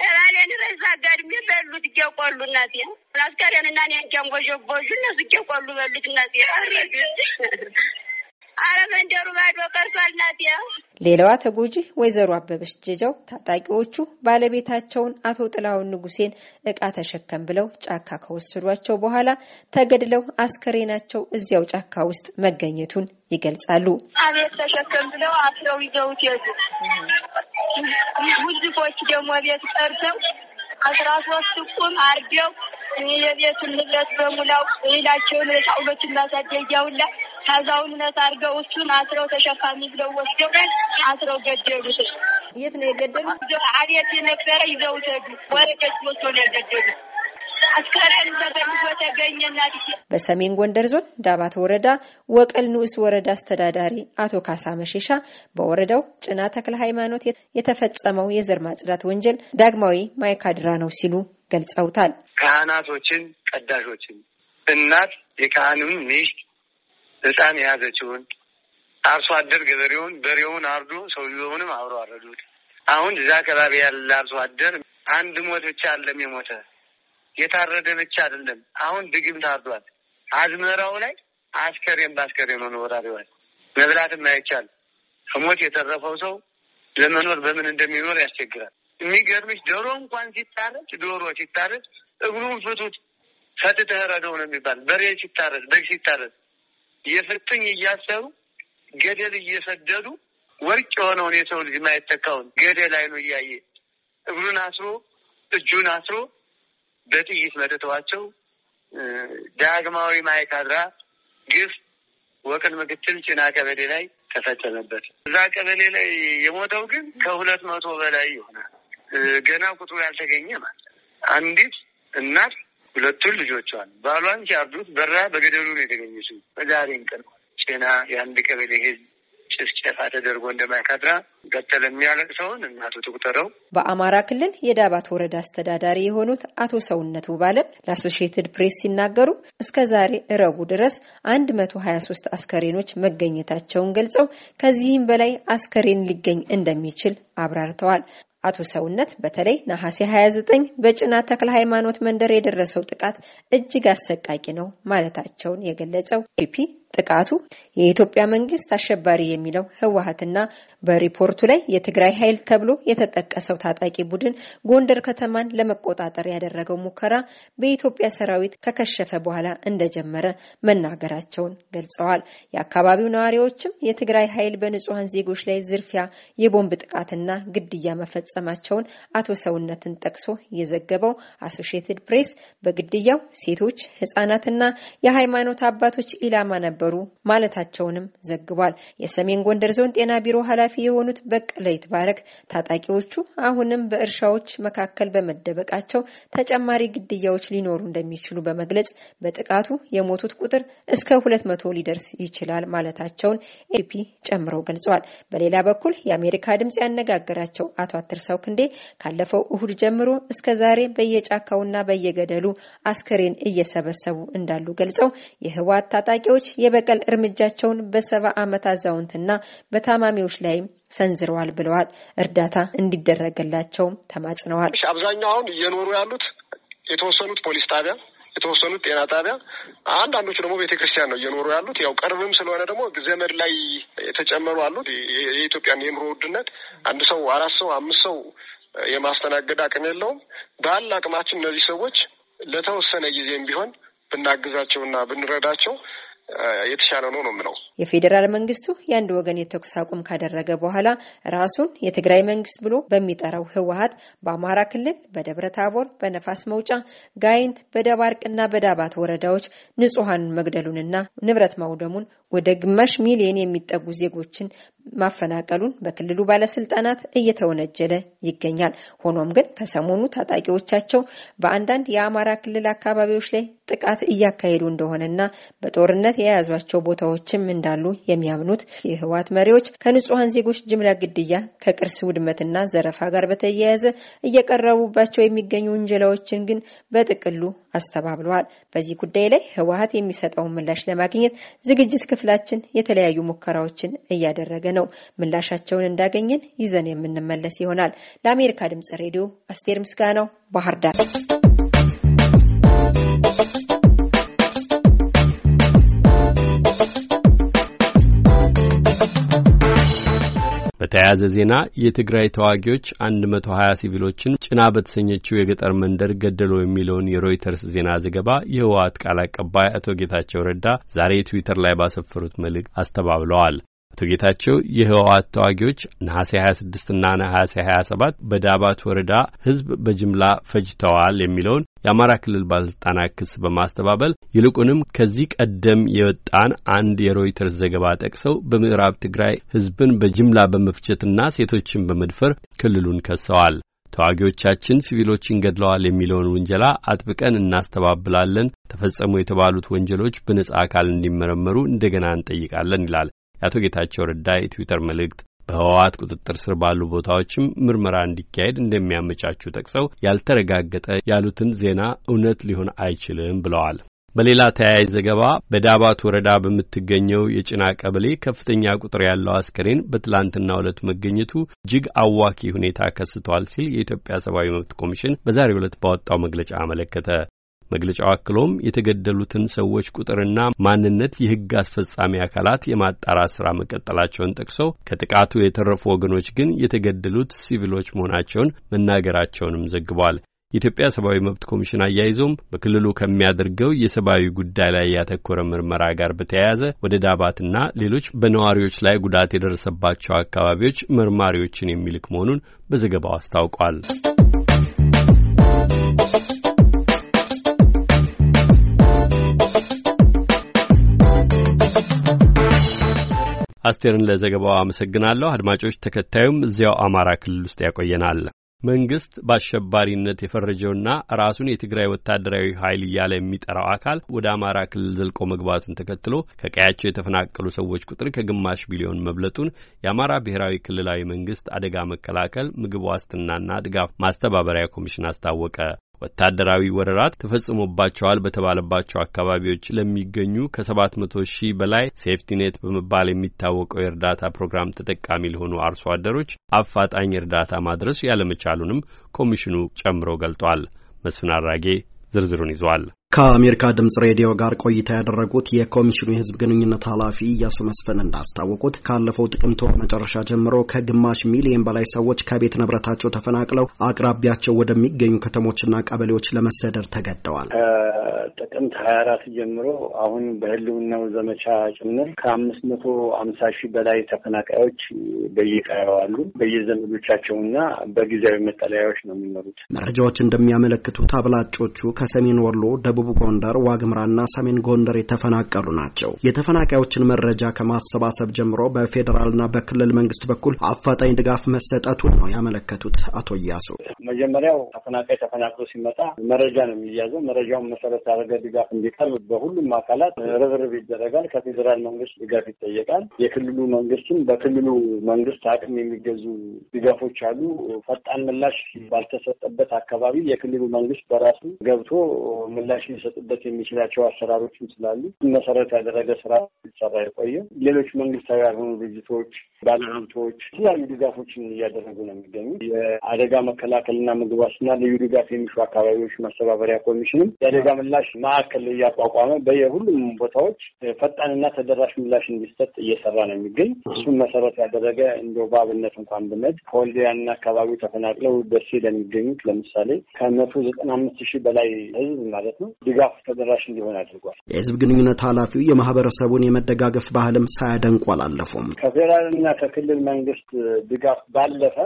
የባሌን ሬሳ አጋድሜ በሉት፣ እየቆሉ እናት አስከሬን እና እኔን እያንቦዠቦዡ እነሱ እየቆሉ በሉት እናት አረጁ አረ መንደሩ ባዶ ቀርቷል። ናዲያ ሌላዋ ተጎጂ ወይዘሮ አበበች ጀጃው ታጣቂዎቹ ባለቤታቸውን አቶ ጥላውን ንጉሴን እቃ ተሸከም ብለው ጫካ ከወሰዷቸው በኋላ ተገድለው አስከሬናቸው እዚያው ጫካ ውስጥ መገኘቱን ይገልጻሉ። አቤት ተሸከም ብለው አስረው ይዘውት ሄዱ። ውዝፎች ደግሞ ቤት ጠርተው አስራ ሶስት ቁም አርደው የቤቱን ንብረት በሙላው እህላቸውን ጫውሎችን ከዛውን ከዛውነት አድርገው እሱን አስረው ተሸካሚ ብለው ወስደው አስረው ገደሉት። የት ነው የገደሉት? አቤት የነበረ ይዘውት ሄዱ። ወረቀት ወስዶ ነው የገደሉት። በሰሜን ጎንደር ዞን ዳባት ወረዳ ወቀል ንዑስ ወረዳ አስተዳዳሪ አቶ ካሳ መሸሻ በወረዳው ጭና ተክለ ሃይማኖት የተፈጸመው የዘር ማጽዳት ወንጀል ዳግማዊ ማይካድራ ነው ሲሉ ገልጸውታል። ካህናቶችን፣ ቀዳሾችን፣ እናት የካህንም ሚስት ህፃን የያዘችውን አርሶ አደር ገበሬውን በሬውን አርዶ ሰውየውንም አብሮ አረዱት። አሁን እዛ አካባቢ ያለ አርሶ አደር አንድ ሞት ብቻ አለም የሞተ የታረደ ብቻ አይደለም፣ አሁን ድግም ታርዷል። አዝመራው ላይ አስከሬም በአስከሬን ሆኖ ወራሪዋል። መብላትም አይቻል። ከሞት የተረፈው ሰው ለመኖር በምን እንደሚኖር ያስቸግራል። የሚገርምሽ ዶሮ እንኳን ሲታረድ ዶሮ ሲታረድ እግሩን ፍቱት ፈትተህ ረደው ነው የሚባል። በሬ ሲታረድ በግ ሲታረድ የፍጥኝ እያሰሩ ገደል እየሰደዱ ወርቅ የሆነውን የሰው ልጅ ማይተካውን ገደል አይኑ እያየ እግሩን አስሮ እጁን አስሮ በጥይት መጥተዋቸው ዳግማዊ ማይካድራ ግፍ ወቅን ምክትል ጭና ቀበሌ ላይ ተፈጸመበት። እዛ ቀበሌ ላይ የሞተው ግን ከሁለት መቶ በላይ ይሆናል። ገና ቁጥሩ ያልተገኘ ማለት አንዲት እናት ሁለቱን ልጆቿን ባሏን ሲያርዱት በራ በገደሉ ነው የተገኘችው። ዛሬን ቀን ጭና የአንድ ቀበሌ ህዝብ ጨፋ ተደርጎ እንደማይካድራ ገተል የሚያለቅሰውን እናቱ ትቁጠረው። በአማራ ክልል የዳባት ወረዳ አስተዳዳሪ የሆኑት አቶ ሰውነት ባለ ለአሶሺየትድ ፕሬስ ሲናገሩ እስከ ዛሬ እረቡ ድረስ አንድ መቶ ሀያ ሶስት አስከሬኖች መገኘታቸውን ገልጸው ከዚህም በላይ አስከሬን ሊገኝ እንደሚችል አብራርተዋል። አቶ ሰውነት በተለይ ነሐሴ 29 በጭና ተክለ ሃይማኖት መንደር የደረሰው ጥቃት እጅግ አሰቃቂ ነው ማለታቸውን የገለጸው ፒፒ ጥቃቱ የኢትዮጵያ መንግስት አሸባሪ የሚለው ህወሀትና በሪፖርቱ ላይ የትግራይ ኃይል ተብሎ የተጠቀሰው ታጣቂ ቡድን ጎንደር ከተማን ለመቆጣጠር ያደረገው ሙከራ በኢትዮጵያ ሰራዊት ከከሸፈ በኋላ እንደጀመረ መናገራቸውን ገልጸዋል። የአካባቢው ነዋሪዎችም የትግራይ ኃይል በንጹሐን ዜጎች ላይ ዝርፊያ፣ የቦምብ ጥቃትና ግድያ መፈጸማቸውን አቶ ሰውነትን ጠቅሶ የዘገበው አሶሺየትድ ፕሬስ በግድያው ሴቶች ህጻናትና የሃይማኖት አባቶች ኢላማ ነበር ነበሩ ማለታቸውንም ዘግቧል። የሰሜን ጎንደር ዞን ጤና ቢሮ ኃላፊ የሆኑት በቀለ ይትባረክ ታጣቂዎቹ አሁንም በእርሻዎች መካከል በመደበቃቸው ተጨማሪ ግድያዎች ሊኖሩ እንደሚችሉ በመግለጽ በጥቃቱ የሞቱት ቁጥር እስከ ሁለት መቶ ሊደርስ ይችላል ማለታቸውን ኤፒ ጨምረው ገልጸዋል። በሌላ በኩል የአሜሪካ ድምጽ ያነጋገራቸው አቶ አትርሳው ክንዴ ካለፈው እሁድ ጀምሮ እስከ ዛሬ በየጫካውና በየገደሉ አስከሬን እየሰበሰቡ እንዳሉ ገልጸው የህወሓት ታጣቂዎች የ የበቀል እርምጃቸውን በሰባ ዓመት አዛውንትና በታማሚዎች ላይም ሰንዝረዋል ብለዋል። እርዳታ እንዲደረግላቸውም ተማጽነዋል። አብዛኛው አሁን እየኖሩ ያሉት የተወሰኑት ፖሊስ ጣቢያ የተወሰኑት ጤና ጣቢያ፣ አንዳንዶቹ ደግሞ ቤተ ክርስቲያን ነው እየኖሩ ያሉት። ያው ቅርብም ስለሆነ ደግሞ ዘመድ ላይ የተጨመሩ አሉት። የኢትዮጵያን የኑሮ ውድነት አንድ ሰው አራት ሰው አምስት ሰው የማስተናገድ አቅም የለውም። ባል አቅማችን እነዚህ ሰዎች ለተወሰነ ጊዜም ቢሆን ብናግዛቸውና ብንረዳቸው የተሻለ ነው ነው የምለው። የፌዴራል መንግስቱ የአንድ ወገን የተኩስ አቁም ካደረገ በኋላ ራሱን የትግራይ መንግስት ብሎ በሚጠራው ህወሀት በአማራ ክልል በደብረ ታቦር፣ በነፋስ መውጫ፣ ጋይንት፣ በደባርቅና በዳባት ወረዳዎች ንጹሐን መግደሉንና ንብረት ማውደሙን ወደ ግማሽ ሚሊዮን የሚጠጉ ዜጎችን ማፈናቀሉን በክልሉ ባለስልጣናት እየተወነጀለ ይገኛል። ሆኖም ግን ከሰሞኑ ታጣቂዎቻቸው በአንዳንድ የአማራ ክልል አካባቢዎች ላይ ጥቃት እያካሄዱ እንደሆነና በጦርነት የያዟቸው ቦታዎችም እንዳሉ የሚያምኑት የህወሓት መሪዎች ከንጹሐን ዜጎች ጅምላ ግድያ፣ ከቅርስ ውድመትና ዘረፋ ጋር በተያያዘ እየቀረቡባቸው የሚገኙ ውንጀላዎችን ግን በጥቅሉ አስተባብለዋል። በዚህ ጉዳይ ላይ ህወሓት የሚሰጠውን ምላሽ ለማግኘት ዝግጅት ክፍላችን የተለያዩ ሙከራዎችን እያደረገ ነው። ምላሻቸውን እንዳገኘን ይዘን የምንመለስ ይሆናል። ለአሜሪካ ድምጽ ሬዲዮ አስቴር ምስጋናው ባህር ዳር በተያያዘ ዜና የትግራይ ተዋጊዎች 120 ሲቪሎችን ጭና በተሰኘችው የገጠር መንደር ገደሉ የሚለውን የሮይተርስ ዜና ዘገባ የህወሓት ቃል አቀባይ አቶ ጌታቸው ረዳ ዛሬ ትዊተር ላይ ባሰፈሩት መልእክት አስተባብለዋል። አቶ ጌታቸው የህወሓት ተዋጊዎች ነሐሴ 26 ና ነሐሴ 27 በዳባት ወረዳ ህዝብ በጅምላ ፈጅተዋል የሚለውን የአማራ ክልል ባለስልጣናት ክስ በማስተባበል ይልቁንም ከዚህ ቀደም የወጣን አንድ የሮይተርስ ዘገባ ጠቅሰው በምዕራብ ትግራይ ህዝብን በጅምላ በመፍጀትና ሴቶችን በመድፈር ክልሉን ከሰዋል። ተዋጊዎቻችን ሲቪሎችን ገድለዋል የሚለውን ውንጀላ አጥብቀን እናስተባብላለን። ተፈጸሙ የተባሉት ወንጀሎች በነጻ አካል እንዲመረመሩ እንደገና እንጠይቃለን ይላል የአቶ ጌታቸው ረዳ የትዊተር መልእክት በህወሓት ቁጥጥር ስር ባሉ ቦታዎችም ምርመራ እንዲካሄድ እንደሚያመቻቹ ጠቅሰው ያልተረጋገጠ ያሉትን ዜና እውነት ሊሆን አይችልም ብለዋል። በሌላ ተያያዥ ዘገባ በዳባት ወረዳ በምትገኘው የጭና ቀበሌ ከፍተኛ ቁጥር ያለው አስከሬን በትላንትና ዕለት መገኘቱ እጅግ አዋኪ ሁኔታ ከስቷል ሲል የኢትዮጵያ ሰብአዊ መብት ኮሚሽን በዛሬ ዕለት ባወጣው መግለጫ አመለከተ። መግለጫው አክሎም የተገደሉትን ሰዎች ቁጥርና ማንነት የሕግ አስፈጻሚ አካላት የማጣራት ስራ መቀጠላቸውን ጠቅሶ ከጥቃቱ የተረፉ ወገኖች ግን የተገደሉት ሲቪሎች መሆናቸውን መናገራቸውንም ዘግቧል። የኢትዮጵያ ሰብአዊ መብት ኮሚሽን አያይዞም በክልሉ ከሚያደርገው የሰብአዊ ጉዳይ ላይ ያተኮረ ምርመራ ጋር በተያያዘ ወደ ዳባትና ሌሎች በነዋሪዎች ላይ ጉዳት የደረሰባቸው አካባቢዎች መርማሪዎችን የሚልክ መሆኑን በዘገባው አስታውቋል። አስቴርን ለዘገባው አመሰግናለሁ። አድማጮች፣ ተከታዩም እዚያው አማራ ክልል ውስጥ ያቆየናል። መንግስት በአሸባሪነት የፈረጀውና ራሱን የትግራይ ወታደራዊ ኃይል እያለ የሚጠራው አካል ወደ አማራ ክልል ዘልቆ መግባቱን ተከትሎ ከቀያቸው የተፈናቀሉ ሰዎች ቁጥር ከግማሽ ቢሊዮን መብለጡን የአማራ ብሔራዊ ክልላዊ መንግስት አደጋ መከላከል ምግብ ዋስትናና ድጋፍ ማስተባበሪያ ኮሚሽን አስታወቀ። ወታደራዊ ወረራት ተፈጽሞባቸዋል በተባለባቸው አካባቢዎች ለሚገኙ ከሰባት መቶ ሺህ በላይ ሴፍቲኔት በመባል የሚታወቀው የእርዳታ ፕሮግራም ተጠቃሚ ለሆኑ አርሶ አደሮች አፋጣኝ እርዳታ ማድረስ ያለመቻሉንም ኮሚሽኑ ጨምሮ ገልጧል። መስፍን አራጌ ዝርዝሩን ይዟል። ከአሜሪካ ድምጽ ሬዲዮ ጋር ቆይታ ያደረጉት የኮሚሽኑ የሕዝብ ግንኙነት ኃላፊ እያሱ መስፍን እንዳስታወቁት ካለፈው ጥቅምት ወር መጨረሻ ጀምሮ ከግማሽ ሚሊዮን በላይ ሰዎች ከቤት ንብረታቸው ተፈናቅለው አቅራቢያቸው ወደሚገኙ ከተሞችና ቀበሌዎች ለመሰደድ ተገደዋል። ጥቅምት ሀያ አራት ጀምሮ አሁን በህልውናው ዘመቻ ጭምር ከአምስት መቶ አምሳ ሺህ በላይ ተፈናቃዮች በየቀያው አሉ። በየዘመዶቻቸውና በጊዜያዊ መጠለያዎች ነው የሚኖሩት። መረጃዎች እንደሚያመለክቱት አብላጮቹ ከሰሜን ወሎ ደቡብ ደቡብ ጎንደር ዋግምራና ሰሜን ጎንደር የተፈናቀሉ ናቸው። የተፈናቃዮችን መረጃ ከማሰባሰብ ጀምሮ በፌዴራልና በክልል መንግስት በኩል አፋጣኝ ድጋፍ መሰጠቱን ነው ያመለከቱት አቶ እያሱ። መጀመሪያው ተፈናቃይ ተፈናቅሎ ሲመጣ መረጃ ነው የሚያዘው። መረጃውን መሰረት ያደረገ ድጋፍ እንዲቀርብ በሁሉም አካላት ርብርብ ይደረጋል። ከፌዴራል መንግስት ድጋፍ ይጠየቃል። የክልሉ መንግስትም በክልሉ መንግስት አቅም የሚገዙ ድጋፎች አሉ። ፈጣን ምላሽ ባልተሰጠበት አካባቢ የክልሉ መንግስት በራሱ ገብቶ ምላሽ ሊሰጡበት የሚችላቸው አሰራሮችም ስላሉ መሰረት ያደረገ ስራ ሊሰራ የቆየ ሌሎች መንግስታዊ ያልሆኑ ድርጅቶች፣ ባለሀብቶች የተለያዩ ድጋፎችን እያደረጉ ነው የሚገኙ የአደጋ መከላከልና ምግብ ዋስትና ልዩ ድጋፍ የሚሹ አካባቢዎች ማስተባበሪያ ኮሚሽንም የአደጋ ምላሽ ማዕከል እያቋቋመ በየሁሉም ቦታዎች ፈጣንና ተደራሽ ምላሽ እንዲሰጥ እየሰራ ነው የሚገኝ። እሱም መሰረት ያደረገ እንደው በአብነት እንኳን ብነት ከወልዲያና አካባቢው ተፈናቅለው ደሴ ለሚገኙት ለምሳሌ ከመቶ ዘጠና አምስት ሺህ በላይ ህዝብ ማለት ነው ድጋፍ ተደራሽ እንዲሆን አድርጓል። የህዝብ ግንኙነት ኃላፊው የማህበረሰቡን የመደጋገፍ ባህልም ሳያደንቁ አላለፉም። ከፌዴራልና ከክልል መንግስት ድጋፍ ባለፈ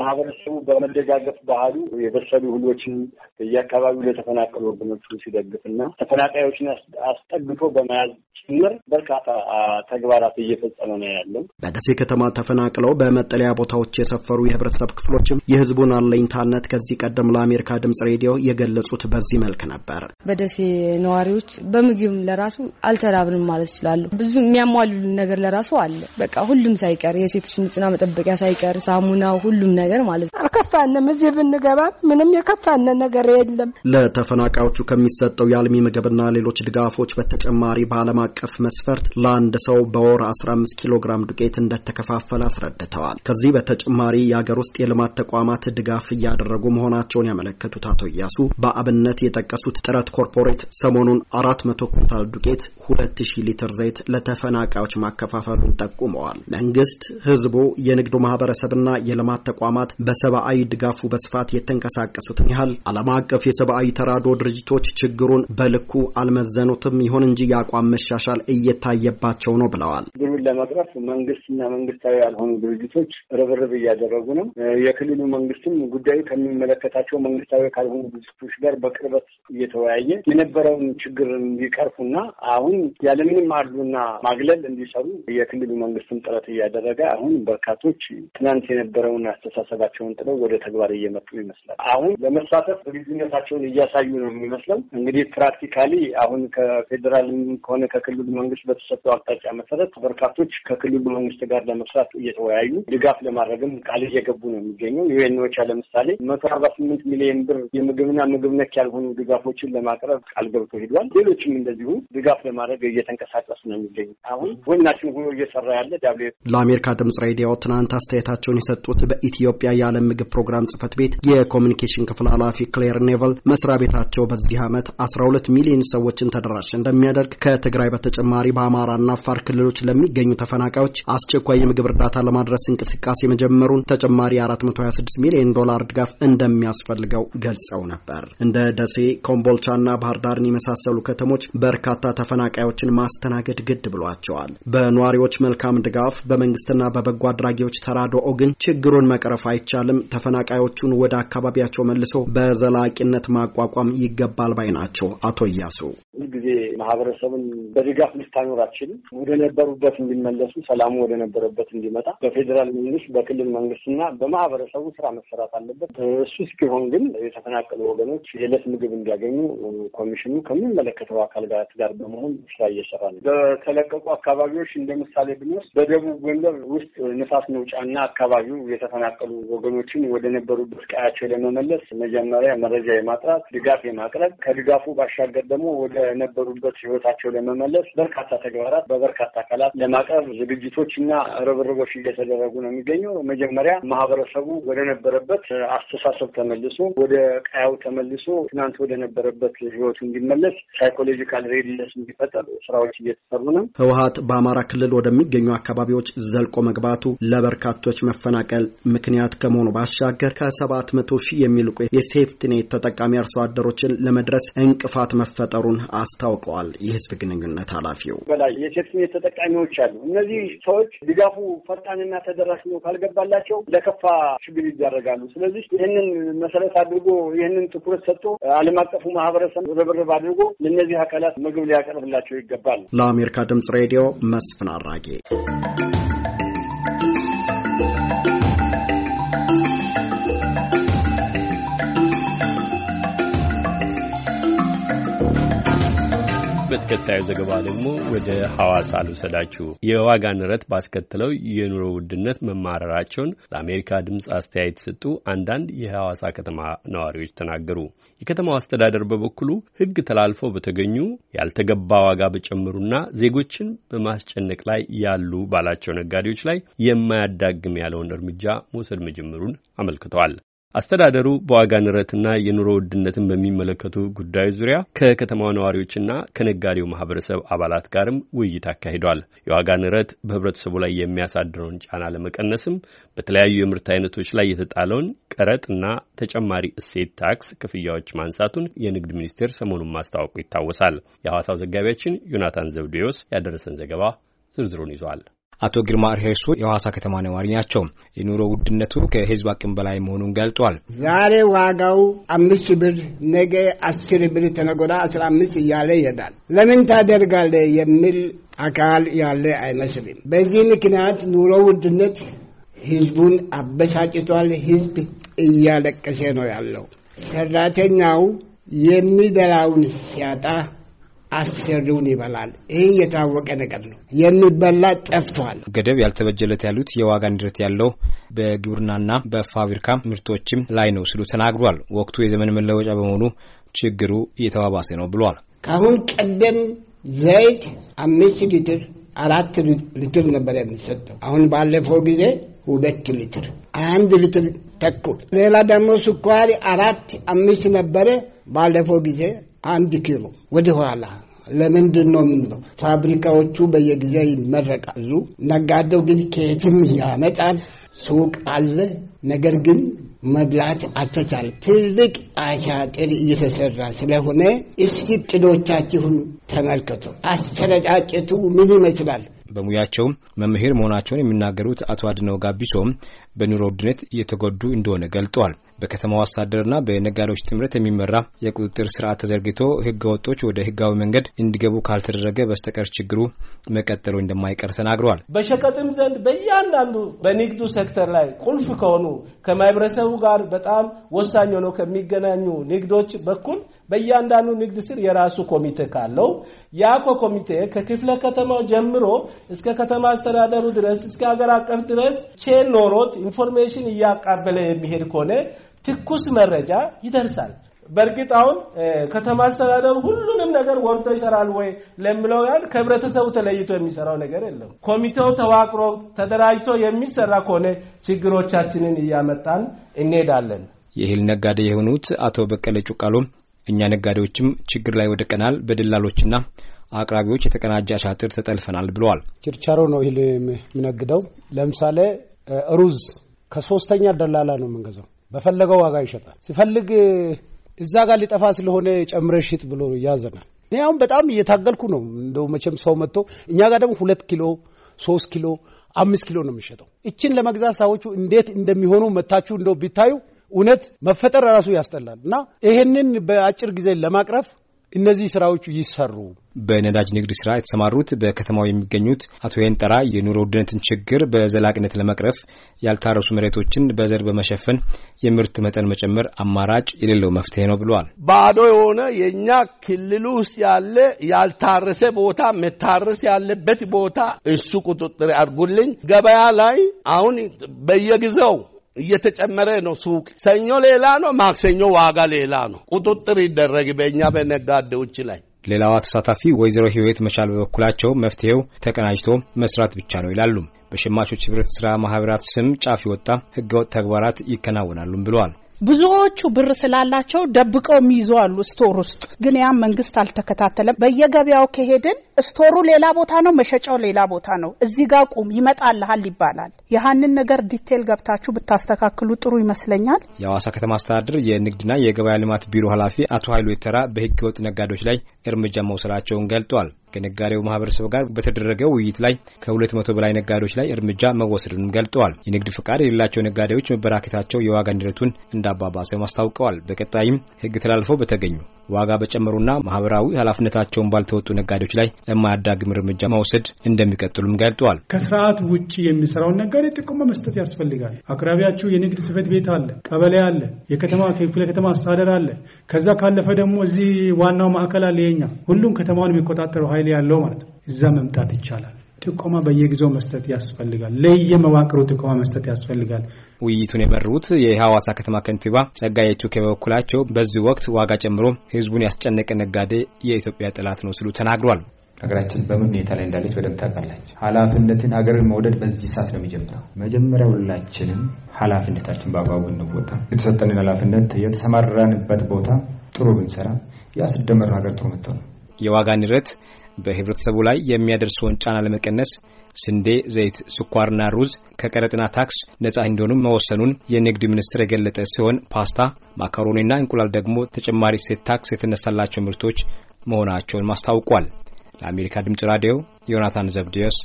ማህበረሰቡ በመደጋገፍ ባህሉ የበሰሉ እህሎችን በየአካባቢው ለተፈናቀሉ ወገኖቹ ሲደግፍና ተፈናቃዮችን አስጠግቶ በመያዝ ጭምር በርካታ ተግባራት እየፈጸመ ነው ያለው። በደሴ ከተማ ተፈናቅለው በመጠለያ ቦታዎች የሰፈሩ የህብረተሰብ ክፍሎችም የህዝቡን አለኝታነት ከዚህ ቀደም ለአሜሪካ ድምጽ ሬዲዮ የገለጹት በዚህ መልክ ነበር። በደሴ ነዋሪዎች በምግብ ለራሱ አልተራብንም ማለት ይችላሉ። ብዙ የሚያሟሉልን ነገር ለራሱ አለ። በቃ ሁሉም ሳይቀር የሴቶች ንጽህና መጠበቂያ ሳይቀር ሳሙና፣ ሁሉም ነገር ማለት ነው። አልከፋንም። እዚህ ብንገባ ምንም የከፋነ ነገር የለም። ለተፈናቃዮቹ ከሚሰጠው የአልሚ ምግብና ሌሎች ድጋፎች በተጨማሪ በዓለም አቀፍ መስፈርት ለአንድ ሰው በወር 15 ኪሎ ግራም ዱቄት እንደተከፋፈለ አስረድተዋል። ከዚህ በተጨማሪ የአገር ውስጥ የልማት ተቋማት ድጋፍ እያደረጉ መሆናቸውን ያመለከቱት አቶ እያሱ በአብነት የጠቀሱት ጥረት ኮርፖሬት ሰሞኑን አራት መቶ ኩንታል ዱቄት፣ ሁለት ሺህ ሊትር ዘይት ለተፈናቃዮች ማከፋፈሉን ጠቁመዋል። መንግስት፣ ህዝቡ፣ የንግዱ ማህበረሰብና የልማት ተቋማት በሰብአዊ ድጋፉ በስፋት የተንቀሳቀሱትን ያህል ዓለም አቀፍ የሰብአዊ ተራድኦ ድርጅቶች ችግሩን በልኩ አልመዘኑትም። ይሁን እንጂ የአቋም መሻሻል እየታየባቸው ነው ብለዋል። ችግሩን ለመቅረፍ መንግስትና መንግስታዊ ያልሆኑ ድርጅቶች ርብርብ እያደረጉ ነው። የክልሉ መንግስትም ጉዳዩ ከሚመለከታቸው መንግስታዊ ካልሆኑ ድርጅቶች ጋር በቅርበት እየተወያየ በመለየት የነበረውን ችግር እንዲቀርፉና አሁን ያለምንም አድሉና ማግለል እንዲሰሩ የክልሉ መንግስትም ጥረት እያደረገ አሁን በርካቶች ትናንት የነበረውን አስተሳሰባቸውን ጥለው ወደ ተግባር እየመጡ ይመስላል። አሁን ለመሳተፍ ዝግጁነታቸውን እያሳዩ ነው የሚመስለው። እንግዲህ ፕራክቲካሊ አሁን ከፌዴራልም ከሆነ ከክልሉ መንግስት በተሰጠው አቅጣጫ መሰረት በርካቶች ከክልሉ መንግስት ጋር ለመስራት እየተወያዩ ድጋፍ ለማድረግም ቃል እየገቡ ነው የሚገኘው። ዩኤንዎች ለምሳሌ መቶ አርባ ስምንት ሚሊዮን ብር የምግብና ምግብ ነክ ያልሆኑ ድጋፎችን ለማቅረብ ለማቅረብ ቃል ገብቶ ሄዷል። ሌሎችም እንደዚሁ ድጋፍ ለማድረግ እየተንቀሳቀሱ ነው የሚገኙ። አሁን ወናችን ሆኖ እየሰራ ያለ ለአሜሪካ ድምጽ ሬዲዮ ትናንት አስተያየታቸውን የሰጡት በኢትዮጵያ የዓለም ምግብ ፕሮግራም ጽህፈት ቤት የኮሚኒኬሽን ክፍል ኃላፊ ክሌር ኔቨል መስሪያ ቤታቸው በዚህ ዓመት አስራ ሁለት ሚሊዮን ሰዎችን ተደራሽ እንደሚያደርግ ከትግራይ በተጨማሪ በአማራና አፋር ክልሎች ለሚገኙ ተፈናቃዮች አስቸኳይ የምግብ እርዳታ ለማድረስ እንቅስቃሴ መጀመሩን ተጨማሪ 426 ሚሊዮን ዶላር ድጋፍ እንደሚያስፈልገው ገልጸው ነበር። እንደ ደሴ፣ ኮምቦልቻና ባህር ዳርን የመሳሰሉ ከተሞች በርካታ ተፈናቃዮችን ማስተናገድ ግድ ብሏቸዋል። በነዋሪዎች መልካም ድጋፍ በመንግስትና በበጎ አድራጊዎች ተራድኦ ግን ችግሩን መቅረፍ አይቻልም። ተፈናቃዮቹን ወደ አካባቢያቸው መልሶ በዘላቂነት ማቋቋም ይገባል ባይ ናቸው አቶ እያሱ። ሁልጊዜ ማህበረሰብን በድጋፍ ልታኖር አትችልም። ወደ ነበሩበት እንዲመለሱ ሰላሙ ወደ ነበረበት እንዲመጣ በፌዴራል መንግስት፣ በክልል መንግስትና በማህበረሰቡ ስራ መሰራት አለበት። እሱ እስኪሆን ግን የተፈናቀሉ ወገኖች የዕለት ምግብ እንዲያገኙ ኮሚሽኑ ከሚመለከተው አካል ጋር በመሆን ስራ እየሰራ ነው። በተለቀቁ አካባቢዎች እንደ ምሳሌ ብንወስድ በደቡብ ጎንደር ውስጥ ንፋስ መውጫና አካባቢው የተፈናቀሉ ወገኖችን ወደ ነበሩበት ቀያቸው ለመመለስ መጀመሪያ መረጃ የማጥራት ድጋፍ የማቅረብ ከድጋፉ ባሻገር ደግሞ ወደ ነበሩበት ህይወታቸው ለመመለስ በርካታ ተግባራት በበርካታ አካላት ለማቅረብ ዝግጅቶች እና ርብርቦች እየተደረጉ ነው የሚገኘው። መጀመሪያ ማህበረሰቡ ወደ ነበረበት አስተሳሰብ ተመልሶ ወደ ቀያው ተመልሶ ትናንት ወደ ነበረበት ህይወቱ እንዲመለስ ሳይኮሎጂካል ሬድነስ እንዲፈጠር ስራዎች እየተሰሩ ነው። ህወሀት በአማራ ክልል ወደሚገኙ አካባቢዎች ዘልቆ መግባቱ ለበርካቶች መፈናቀል ምክንያት ከመሆኑ ባሻገር ከሰባት መቶ ሺህ የሚልቁ የሴፍቲኔት ተጠቃሚ አርሶ አደሮችን ለመድረስ እንቅፋት መፈጠሩን አስታውቀዋል። የህዝብ ግንኙነት ኃላፊው በላይ የሴፍቲኔት ተጠቃሚዎች አሉ። እነዚህ ሰዎች ድጋፉ ፈጣንና ተደራሽ ነው ካልገባላቸው ለከፋ ችግር ይዳረጋሉ። ስለዚህ ይህንን መሰረት አድርጎ ይህንን ትኩረት ሰጥቶ ዓለም አቀፉ ማህበረሰብ ርብርብ አድርጎ ለእነዚህ አካላት ምግብ ሊያቀርብላቸው ይገባል። ለአሜሪካ ድምጽ ሬዲዮ መስፍን አራጌ በተከታዩ ዘገባ ደግሞ ወደ ሐዋሳ ልውሰዳችሁ። የዋጋ ንረት ባስከትለው የኑሮ ውድነት መማረራቸውን ለአሜሪካ ድምፅ አስተያየት ሰጡ አንዳንድ የሐዋሳ ከተማ ነዋሪዎች ተናገሩ። የከተማው አስተዳደር በበኩሉ ሕግ ተላልፈው በተገኙ ያልተገባ ዋጋ በጨመሩና ዜጎችን በማስጨነቅ ላይ ያሉ ባላቸው ነጋዴዎች ላይ የማያዳግም ያለውን እርምጃ መውሰድ መጀመሩን አመልክተዋል። አስተዳደሩ በዋጋ ንረትና የኑሮ ውድነትን በሚመለከቱ ጉዳዮች ዙሪያ ከከተማው ነዋሪዎችና ከነጋዴው ማህበረሰብ አባላት ጋርም ውይይት አካሂዷል። የዋጋ ንረት በህብረተሰቡ ላይ የሚያሳድረውን ጫና ለመቀነስም በተለያዩ የምርት አይነቶች ላይ የተጣለውን ቀረጥና ተጨማሪ እሴት ታክስ ክፍያዎች ማንሳቱን የንግድ ሚኒስቴር ሰሞኑን ማስታወቁ ይታወሳል። የሐዋሳው ዘጋቢያችን ዮናታን ዘብዴዎስ ያደረሰን ዘገባ ዝርዝሩን ይዟል። አቶ ግርማ እርሄሱ የሐዋሳ ከተማ ነዋሪ ናቸው። የኑሮ ውድነቱ ከህዝብ አቅም በላይ መሆኑን ገልጧል። ዛሬ ዋጋው አምስት ብር፣ ነገ አስር ብር፣ ተነጎዳ አስራ አምስት እያለ ይሄዳል። ለምን ታደርጋለ የሚል አካል ያለ አይመስልም። በዚህ ምክንያት ኑሮ ውድነት ህዝቡን አበሳጭቷል። ህዝብ እያለቀሰ ነው ያለው። ሰራተኛው የሚበላውን ሲያጣ አሰሪውን ይበላል። ይህ የታወቀ ነገር ነው። የሚበላ ጠፍቷል። ገደብ ያልተበጀለት ያሉት የዋጋ ንድረት ያለው በግብርናና በፋብሪካ ምርቶችም ላይ ነው ሲሉ ተናግሯል። ወቅቱ የዘመን መለወጫ በመሆኑ ችግሩ እየተባባሰ ነው ብሏል። ከአሁን ቀደም ዘይት አምስት ሊትር አራት ሊትር ነበር የሚሰጠው። አሁን ባለፈው ጊዜ ሁለት ሊትር አንድ ሊትር ተኩል። ሌላ ደግሞ ስኳሪ አራት አምስት ነበረ ባለፈው ጊዜ አንድ ኪሎ ወደኋላ ለምንድን ነው የምንለው? ፋብሪካዎቹ በየጊዜው ይመረቃሉ። ነጋዴው ግን ከየትም ያመጣል። ሱቅ አለ፣ ነገር ግን መብላት አልተቻለ። ትልቅ አሻጥር እየተሰራ ስለሆነ እስኪ ቅዶቻችሁን ተመልከቱ። አስተረጫጭቱ ምን ይመስላል? በሙያቸው መምህር መሆናቸውን የሚናገሩት አቶ አድነው ጋቢሶም በኑሮ ውድነት እየተጎዱ እንደሆነ ገልጠዋል። በከተማው አስተዳደርና በነጋዴዎች ጥምረት የሚመራ የቁጥጥር ስርዓት ተዘርግቶ ህገወጦች ወደ ህጋዊ መንገድ እንዲገቡ ካልተደረገ በስተቀር ችግሩ መቀጠሉ እንደማይቀር ተናግረዋል። በሸቀጥም ዘንድ በእያንዳንዱ በንግዱ ሴክተር ላይ ቁልፍ ከሆኑ ከማህበረሰቡ ጋር በጣም ወሳኝ ሆነው ከሚገናኙ ንግዶች በኩል በእያንዳንዱ ንግድ ስር የራሱ ኮሚቴ ካለው ያ ኮሚቴ ከክፍለ ከተማው ጀምሮ እስከ ከተማ አስተዳደሩ ድረስ እስከ ሀገር አቀፍ ድረስ ቼን ኖሮት ኢንፎርሜሽን እያቃበለ የሚሄድ ከሆነ ትኩስ መረጃ ይደርሳል። በእርግጥ አሁን ከተማ አስተዳደሩ ሁሉንም ነገር ወርቶ ይሰራል ወይ ለምለው ያህል ከህብረተሰቡ ተለይቶ የሚሰራው ነገር የለም። ኮሚቴው ተዋቅሮ ተደራጅቶ የሚሰራ ከሆነ ችግሮቻችንን እያመጣን እንሄዳለን። የእህል ነጋዴ የሆኑት አቶ በቀለ ጩቃሎ እኛ ነጋዴዎችም ችግር ላይ ወድቀናል፣ በደላሎችና አቅራቢዎች የተቀናጀ አሻጥር ተጠልፈናል ብለዋል። ችርቻሮ ነው እህል የምነግደው። ለምሳሌ ሩዝ ከሶስተኛ ደላላ ነው የምንገዛው በፈለገው ዋጋ ይሸጣል። ሲፈልግ እዛ ጋር ሊጠፋ ስለሆነ ጨምረ ሽጥ ብሎ ያዘናል። እኔ አሁን በጣም እየታገልኩ ነው። እንደው መቼም ሰው መጥቶ እኛ ጋር ደግሞ ሁለት ኪሎ ሶስት ኪሎ አምስት ኪሎ ነው የሚሸጠው። እችን ለመግዛት ሰዎቹ እንዴት እንደሚሆኑ መታችሁ እንደው ቢታዩ እውነት መፈጠር ራሱ ያስጠላል። እና ይሄንን በአጭር ጊዜ ለማቅረፍ እነዚህ ስራዎቹ ይሰሩ። በነዳጅ ንግድ ስራ የተሰማሩት በከተማው የሚገኙት አቶ የንጠራ የኑሮ ውድነትን ችግር በዘላቂነት ለመቅረፍ ያልታረሱ መሬቶችን በዘር በመሸፈን የምርት መጠን መጨመር አማራጭ የሌለው መፍትሄ ነው ብለዋል። ባዶ የሆነ የእኛ ክልል ውስጥ ያለ ያልታረሰ ቦታ መታረስ ያለበት ቦታ እሱ ቁጥጥር አድርጉልኝ። ገበያ ላይ አሁን በየጊዜው እየተጨመረ ነው። ሱቅ ሰኞ ሌላ ነው፣ ማክሰኞ ዋጋ ሌላ ነው። ቁጥጥር ይደረግ በእኛ በነጋዴዎች ላይ። ሌላዋ ተሳታፊ ወይዘሮ ህይወት መቻል በበኩላቸው መፍትሄው ተቀናጅቶ መስራት ብቻ ነው ይላሉ። በሸማቾች ህብረት ስራ ማህበራት ስም ጫፍ የወጣ ህገወጥ ተግባራት ይከናወናሉም ብለዋል። ብዙዎቹ ብር ስላላቸው ደብቀው የሚይዙ አሉ ስቶር ውስጥ። ግን ያም መንግስት አልተከታተለም። በየገበያው ከሄድን ስቶሩ ሌላ ቦታ ነው፣ መሸጫው ሌላ ቦታ ነው። እዚህ ጋር ቁም ይመጣልሃል ይባላል። ያህንን ነገር ዲቴል ገብታችሁ ብታስተካክሉ ጥሩ ይመስለኛል። የአዋሳ ከተማ አስተዳደር የንግድና የገበያ ልማት ቢሮ ኃላፊ አቶ ሀይሉ የተራ በህገወጥ ነጋዴዎች ላይ እርምጃ መውሰዳቸውን ገልጧል። ከነጋዴው ማህበረሰብ ጋር በተደረገ ውይይት ላይ ከሁለት መቶ በላይ ነጋዴዎች ላይ እርምጃ መወሰዱንም ገልጠዋል። የንግድ ፍቃድ የሌላቸው ነጋዴዎች መበራከታቸው የዋጋ ንረቱን እንዳባባሰው አስታውቀዋል። በቀጣይም ህግ ተላልፈው በተገኙ ዋጋ በጨመሩና ማህበራዊ ኃላፊነታቸውን ባልተወጡ ነጋዴዎች ላይ የማያዳግም እርምጃ መውሰድ እንደሚቀጥሉም ገልጠዋል። ከስርዓት ውጭ የሚሰራውን ነጋዴ ጥቆማ መስጠት ያስፈልጋል። አቅራቢያችሁ የንግድ ጽህፈት ቤት አለ፣ ቀበሌ አለ፣ የከተማ ክፍለ ከተማ አስተዳደር አለ። ከዛ ካለፈ ደግሞ እዚህ ዋናው ማዕከል አለ። የኛ ሁሉም ከተማውን የሚቆጣጠረው ኃይል ኃይል ያለው ማለት ነው። እዛ መምጣት ይቻላል። ጥቆማ በየጊዜው መስጠት ያስፈልጋል። ለየመዋቅሩ ጥቆማ መስጠት ያስፈልጋል። ውይይቱን የመሩት የሐዋሳ ከተማ ከንቲባ ጸጋዬ ቱኬ በበኩላቸው በዚህ ወቅት ዋጋ ጨምሮ ህዝቡን ያስጨነቀ ነጋዴ የኢትዮጵያ ጠላት ነው ሲሉ ተናግሯል። ሀገራችን በምን ሁኔታ ላይ እንዳለች በደንብ ታውቃለች። ኃላፊነትን ሀገርን መውደድ በዚህ ሰዓት ነው የሚጀምረው። መጀመሪያ ሁላችንም ኃላፊነታችን በአግባቡ እንወጣ። የተሰጠንን ኃላፊነት የተሰማራንበት ቦታ ጥሩ ብንሰራ ያስደመረ ሀገር ጥሩ መጥተው ነው የዋጋ ንረት በህብረተሰቡ ላይ የሚያደርሰውን ጫና ለመቀነስ ስንዴ፣ ዘይት፣ ስኳርና ሩዝ ከቀረጥና ታክስ ነጻ እንዲሆኑ መወሰኑን የንግድ ሚኒስቴር የገለጠ ሲሆን ፓስታ፣ ማካሮኒና እንቁላል ደግሞ ተጨማሪ ሴት ታክስ የተነሳላቸው ምርቶች መሆናቸውን ማስታውቋል። ለአሜሪካ ድምጽ ራዲዮ ዮናታን ዘብዲዮስ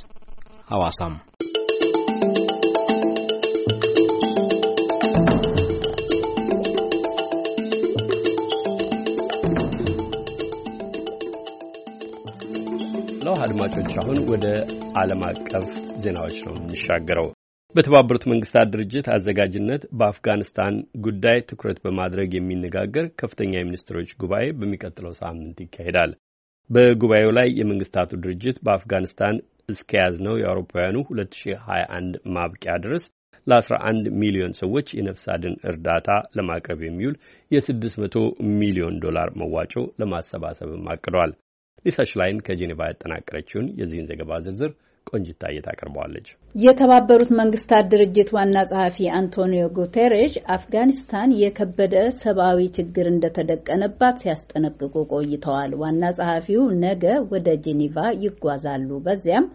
ሐዋሳም አድማጮች አሁን ወደ ዓለም አቀፍ ዜናዎች ነው የምንሻገረው። በተባበሩት መንግስታት ድርጅት አዘጋጅነት በአፍጋኒስታን ጉዳይ ትኩረት በማድረግ የሚነጋገር ከፍተኛ የሚኒስትሮች ጉባኤ በሚቀጥለው ሳምንት ይካሄዳል። በጉባኤው ላይ የመንግስታቱ ድርጅት በአፍጋኒስታን እስከያዝነው የአውሮፓውያኑ 2021 ማብቂያ ድረስ ለ11 ሚሊዮን ሰዎች የነፍስ አድን እርዳታ ለማቅረብ የሚውል የ600 ሚሊዮን ዶላር መዋጮ ለማሰባሰብም አቅዷል። ሊሳ ሽላይን ከጄኔቫ ያጠናቀረችውን የዚህን ዘገባ ዝርዝር ቆንጅታ ታቀርበዋለች። የተባበሩት መንግስታት ድርጅት ዋና ጸሐፊ አንቶኒዮ ጉቴሬሽ አፍጋኒስታን የከበደ ሰብአዊ ችግር እንደተደቀነባት ሲያስጠነቅቁ ቆይተዋል። ዋና ጸሐፊው ነገ ወደ ጄኔቫ ይጓዛሉ። በዚያም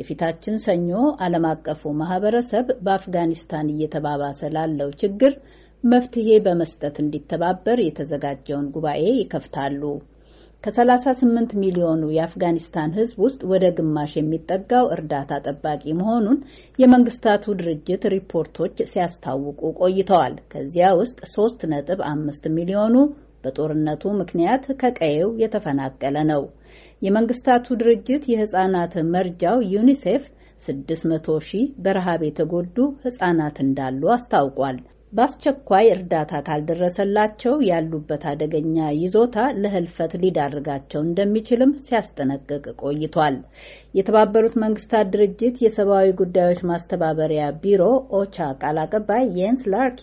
የፊታችን ሰኞ ዓለም አቀፉ ማህበረሰብ በአፍጋኒስታን እየተባባሰ ላለው ችግር መፍትሄ በመስጠት እንዲተባበር የተዘጋጀውን ጉባኤ ይከፍታሉ። ከ38 ሚሊዮኑ የአፍጋኒስታን ሕዝብ ውስጥ ወደ ግማሽ የሚጠጋው እርዳታ ጠባቂ መሆኑን የመንግስታቱ ድርጅት ሪፖርቶች ሲያስታውቁ ቆይተዋል። ከዚያ ውስጥ 3.5 ሚሊዮኑ በጦርነቱ ምክንያት ከቀየው የተፈናቀለ ነው። የመንግስታቱ ድርጅት የህፃናት መርጃው ዩኒሴፍ 600 ሺህ በረሃብ የተጎዱ ህጻናት እንዳሉ አስታውቋል። በአስቸኳይ እርዳታ ካልደረሰላቸው ያሉበት አደገኛ ይዞታ ለህልፈት ሊዳርጋቸው እንደሚችልም ሲያስጠነቅቅ ቆይቷል። የተባበሩት መንግስታት ድርጅት የሰብአዊ ጉዳዮች ማስተባበሪያ ቢሮ ኦቻ ቃል አቀባይ የንስ ላርኪ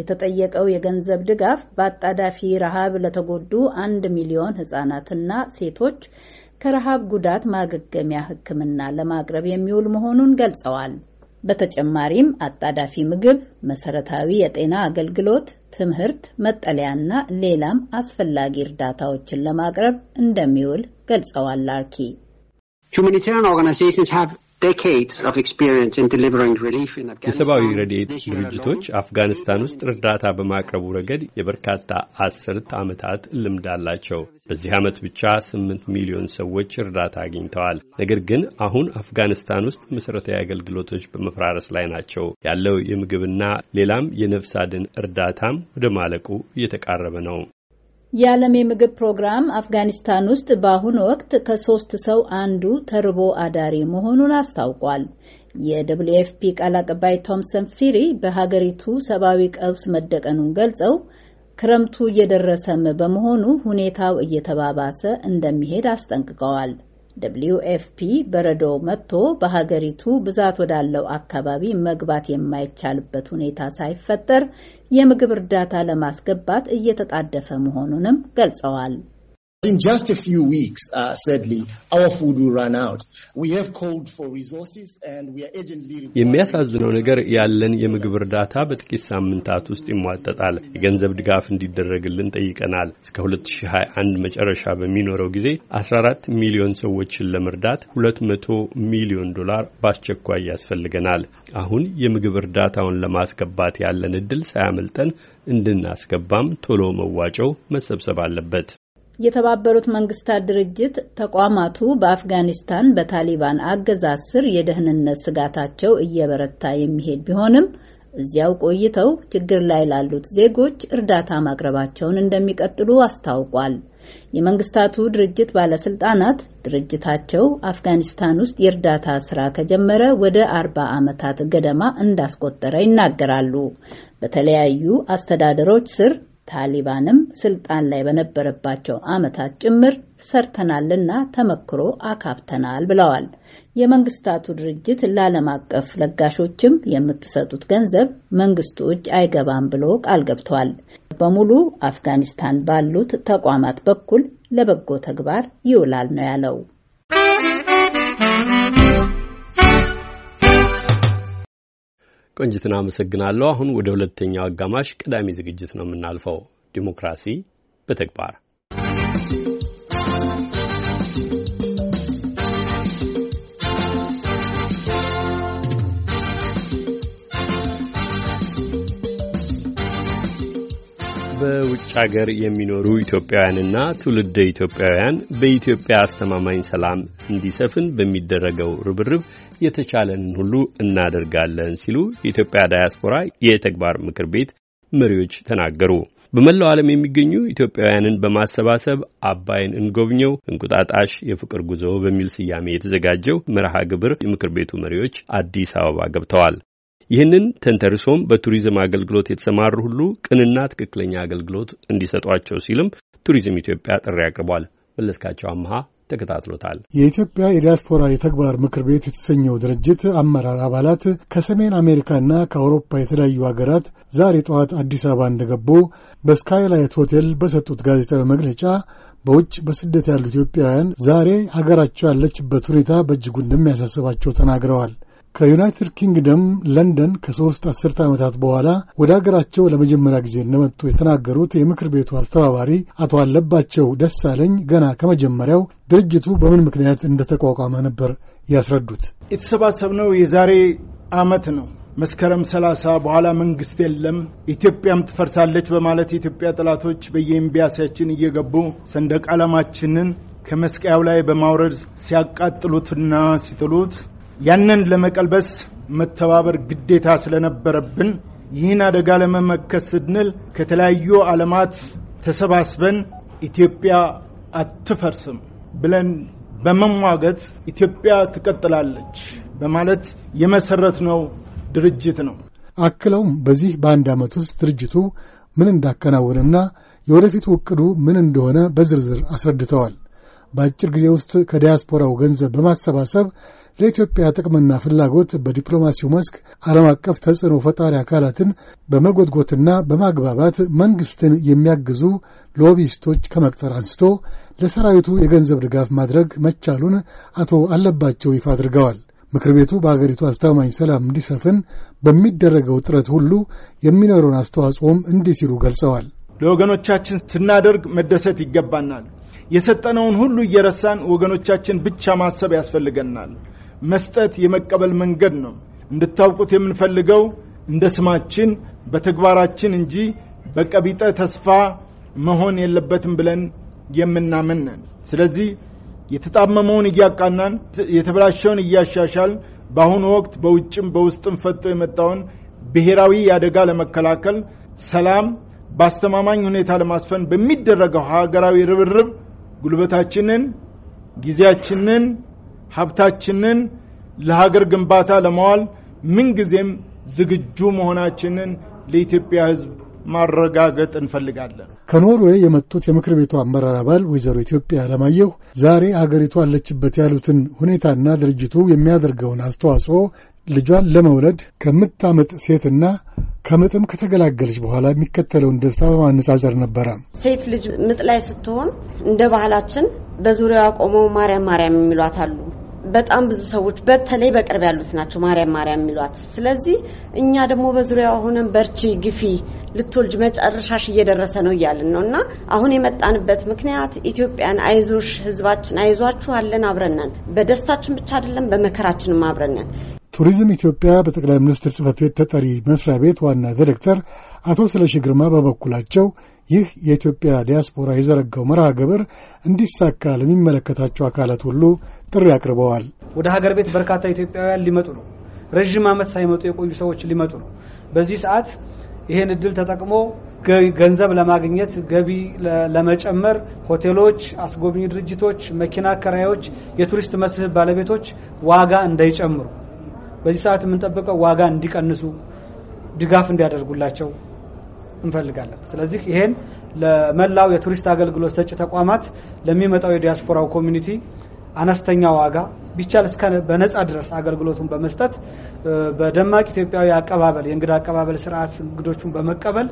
የተጠየቀው የገንዘብ ድጋፍ በአጣዳፊ ረሃብ ለተጎዱ አንድ ሚሊዮን ህጻናትና ሴቶች ከረሃብ ጉዳት ማገገሚያ ሕክምና ለማቅረብ የሚውል መሆኑን ገልጸዋል። በተጨማሪም አጣዳፊ ምግብ፣ መሰረታዊ የጤና አገልግሎት፣ ትምህርት፣ መጠለያና ሌላም አስፈላጊ እርዳታዎችን ለማቅረብ እንደሚውል ገልጸዋል። አርኪ ሁማኒታሪያን ኦርጋናይዜሽንስ ሃቭ የሰብአዊ ረድኤት ድርጅቶች አፍጋኒስታን ውስጥ እርዳታ በማቅረቡ ረገድ የበርካታ አስርት ዓመታት ልምድ አላቸው። በዚህ ዓመት ብቻ ስምንት ሚሊዮን ሰዎች እርዳታ አግኝተዋል። ነገር ግን አሁን አፍጋኒስታን ውስጥ መሠረታዊ አገልግሎቶች በመፈራረስ ላይ ናቸው። ያለው የምግብና ሌላም የነፍስ አድን እርዳታም ወደ ማለቁ እየተቃረበ ነው። የዓለም የምግብ ፕሮግራም አፍጋኒስታን ውስጥ በአሁኑ ወቅት ከሶስት ሰው አንዱ ተርቦ አዳሪ መሆኑን አስታውቋል። የደብሊው ኤፍፒ ቃል አቀባይ ቶምሰን ፊሪ በሀገሪቱ ሰብአዊ ቀውስ መደቀኑን ገልጸው ክረምቱ እየደረሰም በመሆኑ ሁኔታው እየተባባሰ እንደሚሄድ አስጠንቅቀዋል። ደብሊዩ ኤፍፒ በረዶ መጥቶ በሀገሪቱ ብዛት ወዳለው አካባቢ መግባት የማይቻልበት ሁኔታ ሳይፈጠር የምግብ እርዳታ ለማስገባት እየተጣደፈ መሆኑንም ገልጸዋል። In just a few weeks, uh, sadly, our food will run out. We have called for resources and we are urgently የሚያሳዝነው ነገር ያለን የምግብ እርዳታ በጥቂት ሳምንታት ውስጥ ይሟጠጣል። የገንዘብ ድጋፍ እንዲደረግልን ጠይቀናል። እስከ 2021 መጨረሻ በሚኖረው ጊዜ 14 ሚሊዮን ሰዎችን ለመርዳት 200 ሚሊዮን ዶላር በአስቸኳይ ያስፈልገናል። አሁን የምግብ እርዳታውን ለማስገባት ያለን እድል ሳያመልጠን እንድናስገባም ቶሎ መዋጮው መሰብሰብ አለበት። የተባበሩት መንግስታት ድርጅት ተቋማቱ በአፍጋኒስታን በታሊባን አገዛዝ ስር የደህንነት ስጋታቸው እየበረታ የሚሄድ ቢሆንም እዚያው ቆይተው ችግር ላይ ላሉት ዜጎች እርዳታ ማቅረባቸውን እንደሚቀጥሉ አስታውቋል። የመንግስታቱ ድርጅት ባለስልጣናት ድርጅታቸው አፍጋኒስታን ውስጥ የእርዳታ ስራ ከጀመረ ወደ አርባ ዓመታት ገደማ እንዳስቆጠረ ይናገራሉ። በተለያዩ አስተዳደሮች ስር ታሊባንም ስልጣን ላይ በነበረባቸው ዓመታት ጭምር ሰርተናልና ተመክሮ አካብተናል ብለዋል። የመንግስታቱ ድርጅት ለዓለም አቀፍ ለጋሾችም የምትሰጡት ገንዘብ መንግስቱ እጅ አይገባም ብሎ ቃል ገብቷል። በሙሉ አፍጋኒስታን ባሉት ተቋማት በኩል ለበጎ ተግባር ይውላል ነው ያለው። ቆንጅትን አመሰግናለሁ። አሁን ወደ ሁለተኛው አጋማሽ ቀዳሚ ዝግጅት ነው የምናልፈው፣ ዲሞክራሲ በተግባር በውጭ ሀገር የሚኖሩ ኢትዮጵያውያንና ትውልደ ኢትዮጵያውያን በኢትዮጵያ አስተማማኝ ሰላም እንዲሰፍን በሚደረገው ርብርብ የተቻለንን ሁሉ እናደርጋለን ሲሉ የኢትዮጵያ ዳያስፖራ የተግባር ምክር ቤት መሪዎች ተናገሩ። በመላው ዓለም የሚገኙ ኢትዮጵያውያንን በማሰባሰብ አባይን እንጎብኘው እንቁጣጣሽ የፍቅር ጉዞ በሚል ስያሜ የተዘጋጀው መርሃ ግብር የምክር ቤቱ መሪዎች አዲስ አበባ ገብተዋል። ይህንን ተንተርሶም በቱሪዝም አገልግሎት የተሰማሩ ሁሉ ቅንና ትክክለኛ አገልግሎት እንዲሰጧቸው ሲልም ቱሪዝም ኢትዮጵያ ጥሪ አቅርቧል። መለስካቸው አምሃ ተከታትሎታል። የኢትዮጵያ የዲያስፖራ የተግባር ምክር ቤት የተሰኘው ድርጅት አመራር አባላት ከሰሜን አሜሪካና ከአውሮፓ የተለያዩ ሀገራት ዛሬ ጠዋት አዲስ አበባ እንደገቡ በስካይላይት ሆቴል በሰጡት ጋዜጣዊ መግለጫ በውጭ በስደት ያሉ ኢትዮጵያውያን ዛሬ ሀገራቸው ያለችበት ሁኔታ በእጅጉ እንደሚያሳስባቸው ተናግረዋል። ከዩናይትድ ኪንግደም ለንደን ከሦስት አስርተ ዓመታት በኋላ ወደ አገራቸው ለመጀመሪያ ጊዜ እንደመጡ የተናገሩት የምክር ቤቱ አስተባባሪ አቶ አለባቸው ደሳለኝ ገና ከመጀመሪያው ድርጅቱ በምን ምክንያት እንደተቋቋመ ነበር ያስረዱት። የተሰባሰብነው የዛሬ ዓመት ነው። መስከረም ሰላሳ በኋላ መንግስት የለም ኢትዮጵያም ትፈርሳለች በማለት የኢትዮጵያ ጠላቶች በየኤምባሲያችን እየገቡ ሰንደቅ ዓላማችንን ከመስቀያው ላይ በማውረድ ሲያቃጥሉትና ሲጥሉት ያንን ለመቀልበስ መተባበር ግዴታ ስለነበረብን ይህን አደጋ ለመመከት ስንል ከተለያዩ ዓለማት ተሰባስበን ኢትዮጵያ አትፈርስም ብለን በመሟገት ኢትዮጵያ ትቀጥላለች በማለት የመሰረት ነው ድርጅት ነው። አክለውም በዚህ በአንድ ዓመት ውስጥ ድርጅቱ ምን እንዳከናወነና የወደፊቱ ዕቅዱ ምን እንደሆነ በዝርዝር አስረድተዋል። በአጭር ጊዜ ውስጥ ከዲያስፖራው ገንዘብ በማሰባሰብ ለኢትዮጵያ ጥቅምና ፍላጎት በዲፕሎማሲው መስክ ዓለም አቀፍ ተጽዕኖ ፈጣሪ አካላትን በመጎትጎትና በማግባባት መንግሥትን የሚያግዙ ሎቢስቶች ከመቅጠር አንስቶ ለሰራዊቱ የገንዘብ ድጋፍ ማድረግ መቻሉን አቶ አለባቸው ይፋ አድርገዋል። ምክር ቤቱ በአገሪቱ አስተማማኝ ሰላም እንዲሰፍን በሚደረገው ጥረት ሁሉ የሚኖረውን አስተዋጽኦም እንዲህ ሲሉ ገልጸዋል። ለወገኖቻችን ስናደርግ መደሰት ይገባናል። የሰጠነውን ሁሉ እየረሳን ወገኖቻችን ብቻ ማሰብ ያስፈልገናል። መስጠት የመቀበል መንገድ ነው። እንድታውቁት የምንፈልገው እንደ ስማችን በተግባራችን እንጂ በቀቢጠ ተስፋ መሆን የለበትም ብለን የምናምን ነን። ስለዚህ የተጣመመውን እያቃናን የተበላሸውን እያሻሻል በአሁኑ ወቅት በውጭም በውስጥም ፈጦ የመጣውን ብሔራዊ አደጋ ለመከላከል ሰላም በአስተማማኝ ሁኔታ ለማስፈን በሚደረገው ሀገራዊ ርብርብ ጉልበታችንን፣ ጊዜያችንን፣ ሀብታችንን ለሀገር ግንባታ ለማዋል ምንጊዜም ዝግጁ መሆናችንን ለኢትዮጵያ ሕዝብ ማረጋገጥ እንፈልጋለን። ከኖርዌይ የመጡት የምክር ቤቱ አመራር አባል ወይዘሮ ኢትዮጵያ አለማየሁ ዛሬ አገሪቱ አለችበት ያሉትን ሁኔታና ድርጅቱ የሚያደርገውን አስተዋጽኦ ልጇን ለመውለድ ከምታመጥ ሴትና ከምጥም ከተገላገለች በኋላ የሚከተለውን ደስታ በማነጻጸር ነበረ። ሴት ልጅ ምጥ ላይ ስትሆን እንደ ባህላችን በዙሪያዋ ቆመው ማርያም ማርያም የሚሏት አሉ። በጣም ብዙ ሰዎች በተለይ በቅርብ ያሉት ናቸው ማርያም ማርያም የሚሏት። ስለዚህ እኛ ደግሞ በዙሪያ ሆነን በርቺ፣ ግፊ፣ ልትወልጅ መጨረሻሽ እየደረሰ ነው እያልን ነው እና አሁን የመጣንበት ምክንያት ኢትዮጵያን አይዞሽ፣ ህዝባችን አይዟችሁ አለን፣ በደስታችን ብቻ አይደለም፣ በመከራችንም አብረነን። ቱሪዝም ኢትዮጵያ በጠቅላይ ሚኒስትር ጽህፈት ቤት ተጠሪ መስሪያ ቤት ዋና ዲሬክተር አቶ ስለሺ ግርማ በበኩላቸው ይህ የኢትዮጵያ ዲያስፖራ የዘረጋው መርሃ ግብር እንዲሳካ ለሚመለከታቸው አካላት ሁሉ ጥሪ አቅርበዋል። ወደ ሀገር ቤት በርካታ ኢትዮጵያውያን ሊመጡ ነው። ረዥም ዓመት ሳይመጡ የቆዩ ሰዎች ሊመጡ ነው። በዚህ ሰዓት ይሄን እድል ተጠቅሞ ገንዘብ ለማግኘት ገቢ ለመጨመር ሆቴሎች፣ አስጎብኝ ድርጅቶች፣ መኪና አከራዮች፣ የቱሪስት መስህብ ባለቤቶች ዋጋ እንዳይጨምሩ በዚህ ሰዓት የምንጠብቀው ዋጋ እንዲቀንሱ ድጋፍ እንዲያደርጉላቸው እንፈልጋለን። ስለዚህ ይሄን ለመላው የቱሪስት አገልግሎት ሰጪ ተቋማት ለሚመጣው የዲያስፖራው ኮሚኒቲ አነስተኛ ዋጋ ቢቻል እስከ በነጻ ድረስ አገልግሎቱን በመስጠት በደማቅ ኢትዮጵያዊ አቀባበል የእንግዳ አቀባበል ስርዓት እንግዶቹን በመቀበል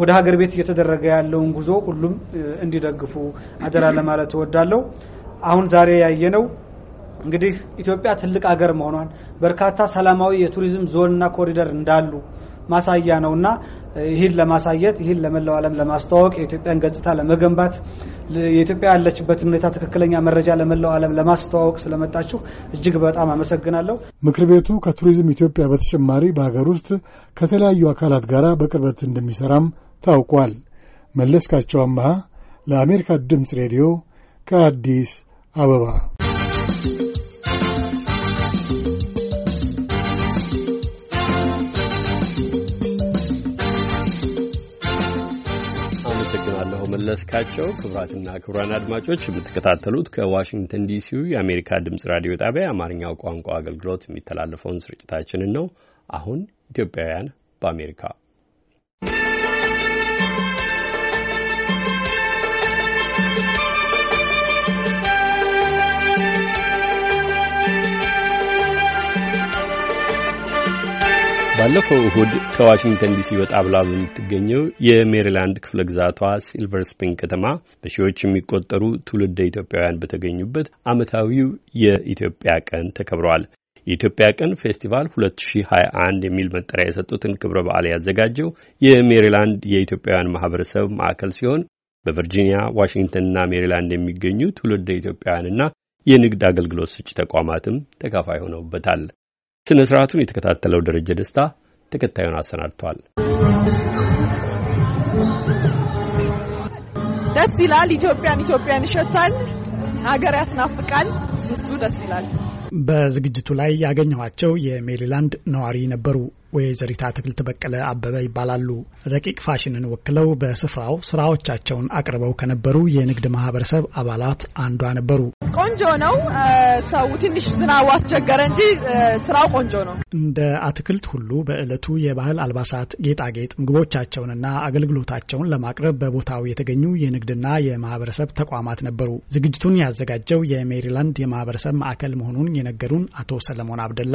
ወደ ሀገር ቤት እየተደረገ ያለውን ጉዞ ሁሉም እንዲደግፉ አደራ ለማለት እወዳለሁ። አሁን ዛሬ ያየነው እንግዲህ ኢትዮጵያ ትልቅ አገር መሆኗን በርካታ ሰላማዊ የቱሪዝም ዞንና ኮሪደር እንዳሉ ማሳያ ነው እና ይህን ለማሳየት ይህን ለመላው ዓለም ለማስተዋወቅ የኢትዮጵያን ገጽታ ለመገንባት የኢትዮጵያ ያለችበትን ሁኔታ ትክክለኛ መረጃ ለመላው ዓለም ለማስተዋወቅ ስለመጣችሁ እጅግ በጣም አመሰግናለሁ። ምክር ቤቱ ከቱሪዝም ኢትዮጵያ በተጨማሪ በሀገር ውስጥ ከተለያዩ አካላት ጋር በቅርበት እንደሚሰራም ታውቋል። መለስካቸው አመሃ ለአሜሪካ ድምፅ ሬዲዮ ከአዲስ አበባ መለስካቸው። ክቡራትና ክቡራን አድማጮች የምትከታተሉት ከዋሽንግተን ዲሲው የአሜሪካ ድምጽ ራዲዮ ጣቢያ የአማርኛው ቋንቋ አገልግሎት የሚተላለፈውን ስርጭታችንን ነው። አሁን ኢትዮጵያውያን በአሜሪካ ባለፈው እሁድ ከዋሽንግተን ዲሲ ወጣ ብላ በምትገኘው የሜሪላንድ ክፍለ ግዛቷ ሲልቨር ስፕሪንግ ከተማ በሺዎች የሚቆጠሩ ትውልደ ኢትዮጵያውያን በተገኙበት ዓመታዊው የኢትዮጵያ ቀን ተከብረዋል። የኢትዮጵያ ቀን ፌስቲቫል 2021 የሚል መጠሪያ የሰጡትን ክብረ በዓል ያዘጋጀው የሜሪላንድ የኢትዮጵያውያን ማህበረሰብ ማዕከል ሲሆን በቨርጂኒያ ዋሽንግተንና ሜሪላንድ የሚገኙ ትውልደ ኢትዮጵያውያንና የንግድ አገልግሎት ሰጪ ተቋማትም ተካፋይ ሆነውበታል። ስነ ስርዓቱን የተከታተለው ደረጀ ደስታ ተከታዩን አሰናድቷል። ደስ ይላል። ኢትዮጵያን ኢትዮጵያን ይሸታል። ሀገር ያስናፍቃል። እሱ ደስ ይላል። በዝግጅቱ ላይ ያገኘኋቸው የሜሪላንድ ነዋሪ ነበሩ። ወይዘሪት አትክልት በቀለ አበበ ይባላሉ። ረቂቅ ፋሽንን ወክለው በስፍራው ስራዎቻቸውን አቅርበው ከነበሩ የንግድ ማህበረሰብ አባላት አንዷ ነበሩ። ቆንጆ ነው። ሰው ትንሽ ዝናቡ አስቸገረ እንጂ ስራው ቆንጆ ነው። እንደ አትክልት ሁሉ በእለቱ የባህል አልባሳት፣ ጌጣጌጥ፣ ምግቦቻቸውንና አገልግሎታቸውን ለማቅረብ በቦታው የተገኙ የንግድና የማህበረሰብ ተቋማት ነበሩ። ዝግጅቱን ያዘጋጀው የሜሪላንድ የማህበረሰብ ማዕከል መሆኑን የነገሩን አቶ ሰለሞን አብደላ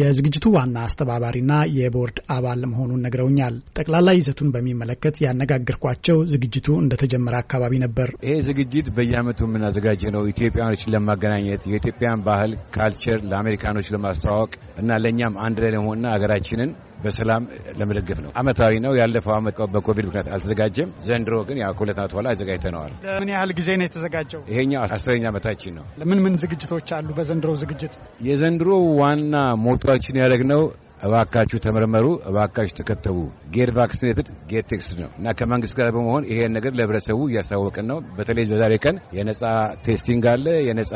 የዝግጅቱ ዋና አስተባባሪና የቦርድ አባል መሆኑን ነግረውኛል። ጠቅላላ ይዘቱን በሚመለከት ያነጋግርኳቸው ዝግጅቱ እንደተጀመረ አካባቢ ነበር። ይሄ ዝግጅት በየዓመቱ የምናዘጋጅ ነው። ኢትዮጵያኖችን ለማገናኘት የኢትዮጵያን ባህል ካልቸር ለአሜሪካኖች ለማስተዋወቅ እና ለእኛም አንድ ላይ ለመሆንና ሀገራችንን በሰላም ለመደገፍ ነው። አመታዊ ነው። ያለፈው አመት በኮቪድ ምክንያት አልተዘጋጀም። ዘንድሮ ግን ያው ከሁለት ዓመት በኋላ አዘጋጅተነዋል። ለምን ያህል ጊዜ ነው የተዘጋጀው? ይሄኛው አስረኛ ዓመታችን ነው። ለምን ምን ዝግጅቶች አሉ በዘንድሮ ዝግጅት? የዘንድሮ ዋና ሞቷችን ያደረግነው እባካችሁ ተመርመሩ፣ እባካችሁ ተከተቡ፣ ጌት ቫክሲኔትድ ጌት ቴክስት ነው እና ከመንግስት ጋር በመሆን ይሄን ነገር ለህብረተሰቡ እያሳወቅን ነው። በተለይ በዛሬ ቀን የነጻ ቴስቲንግ አለ፣ የነጻ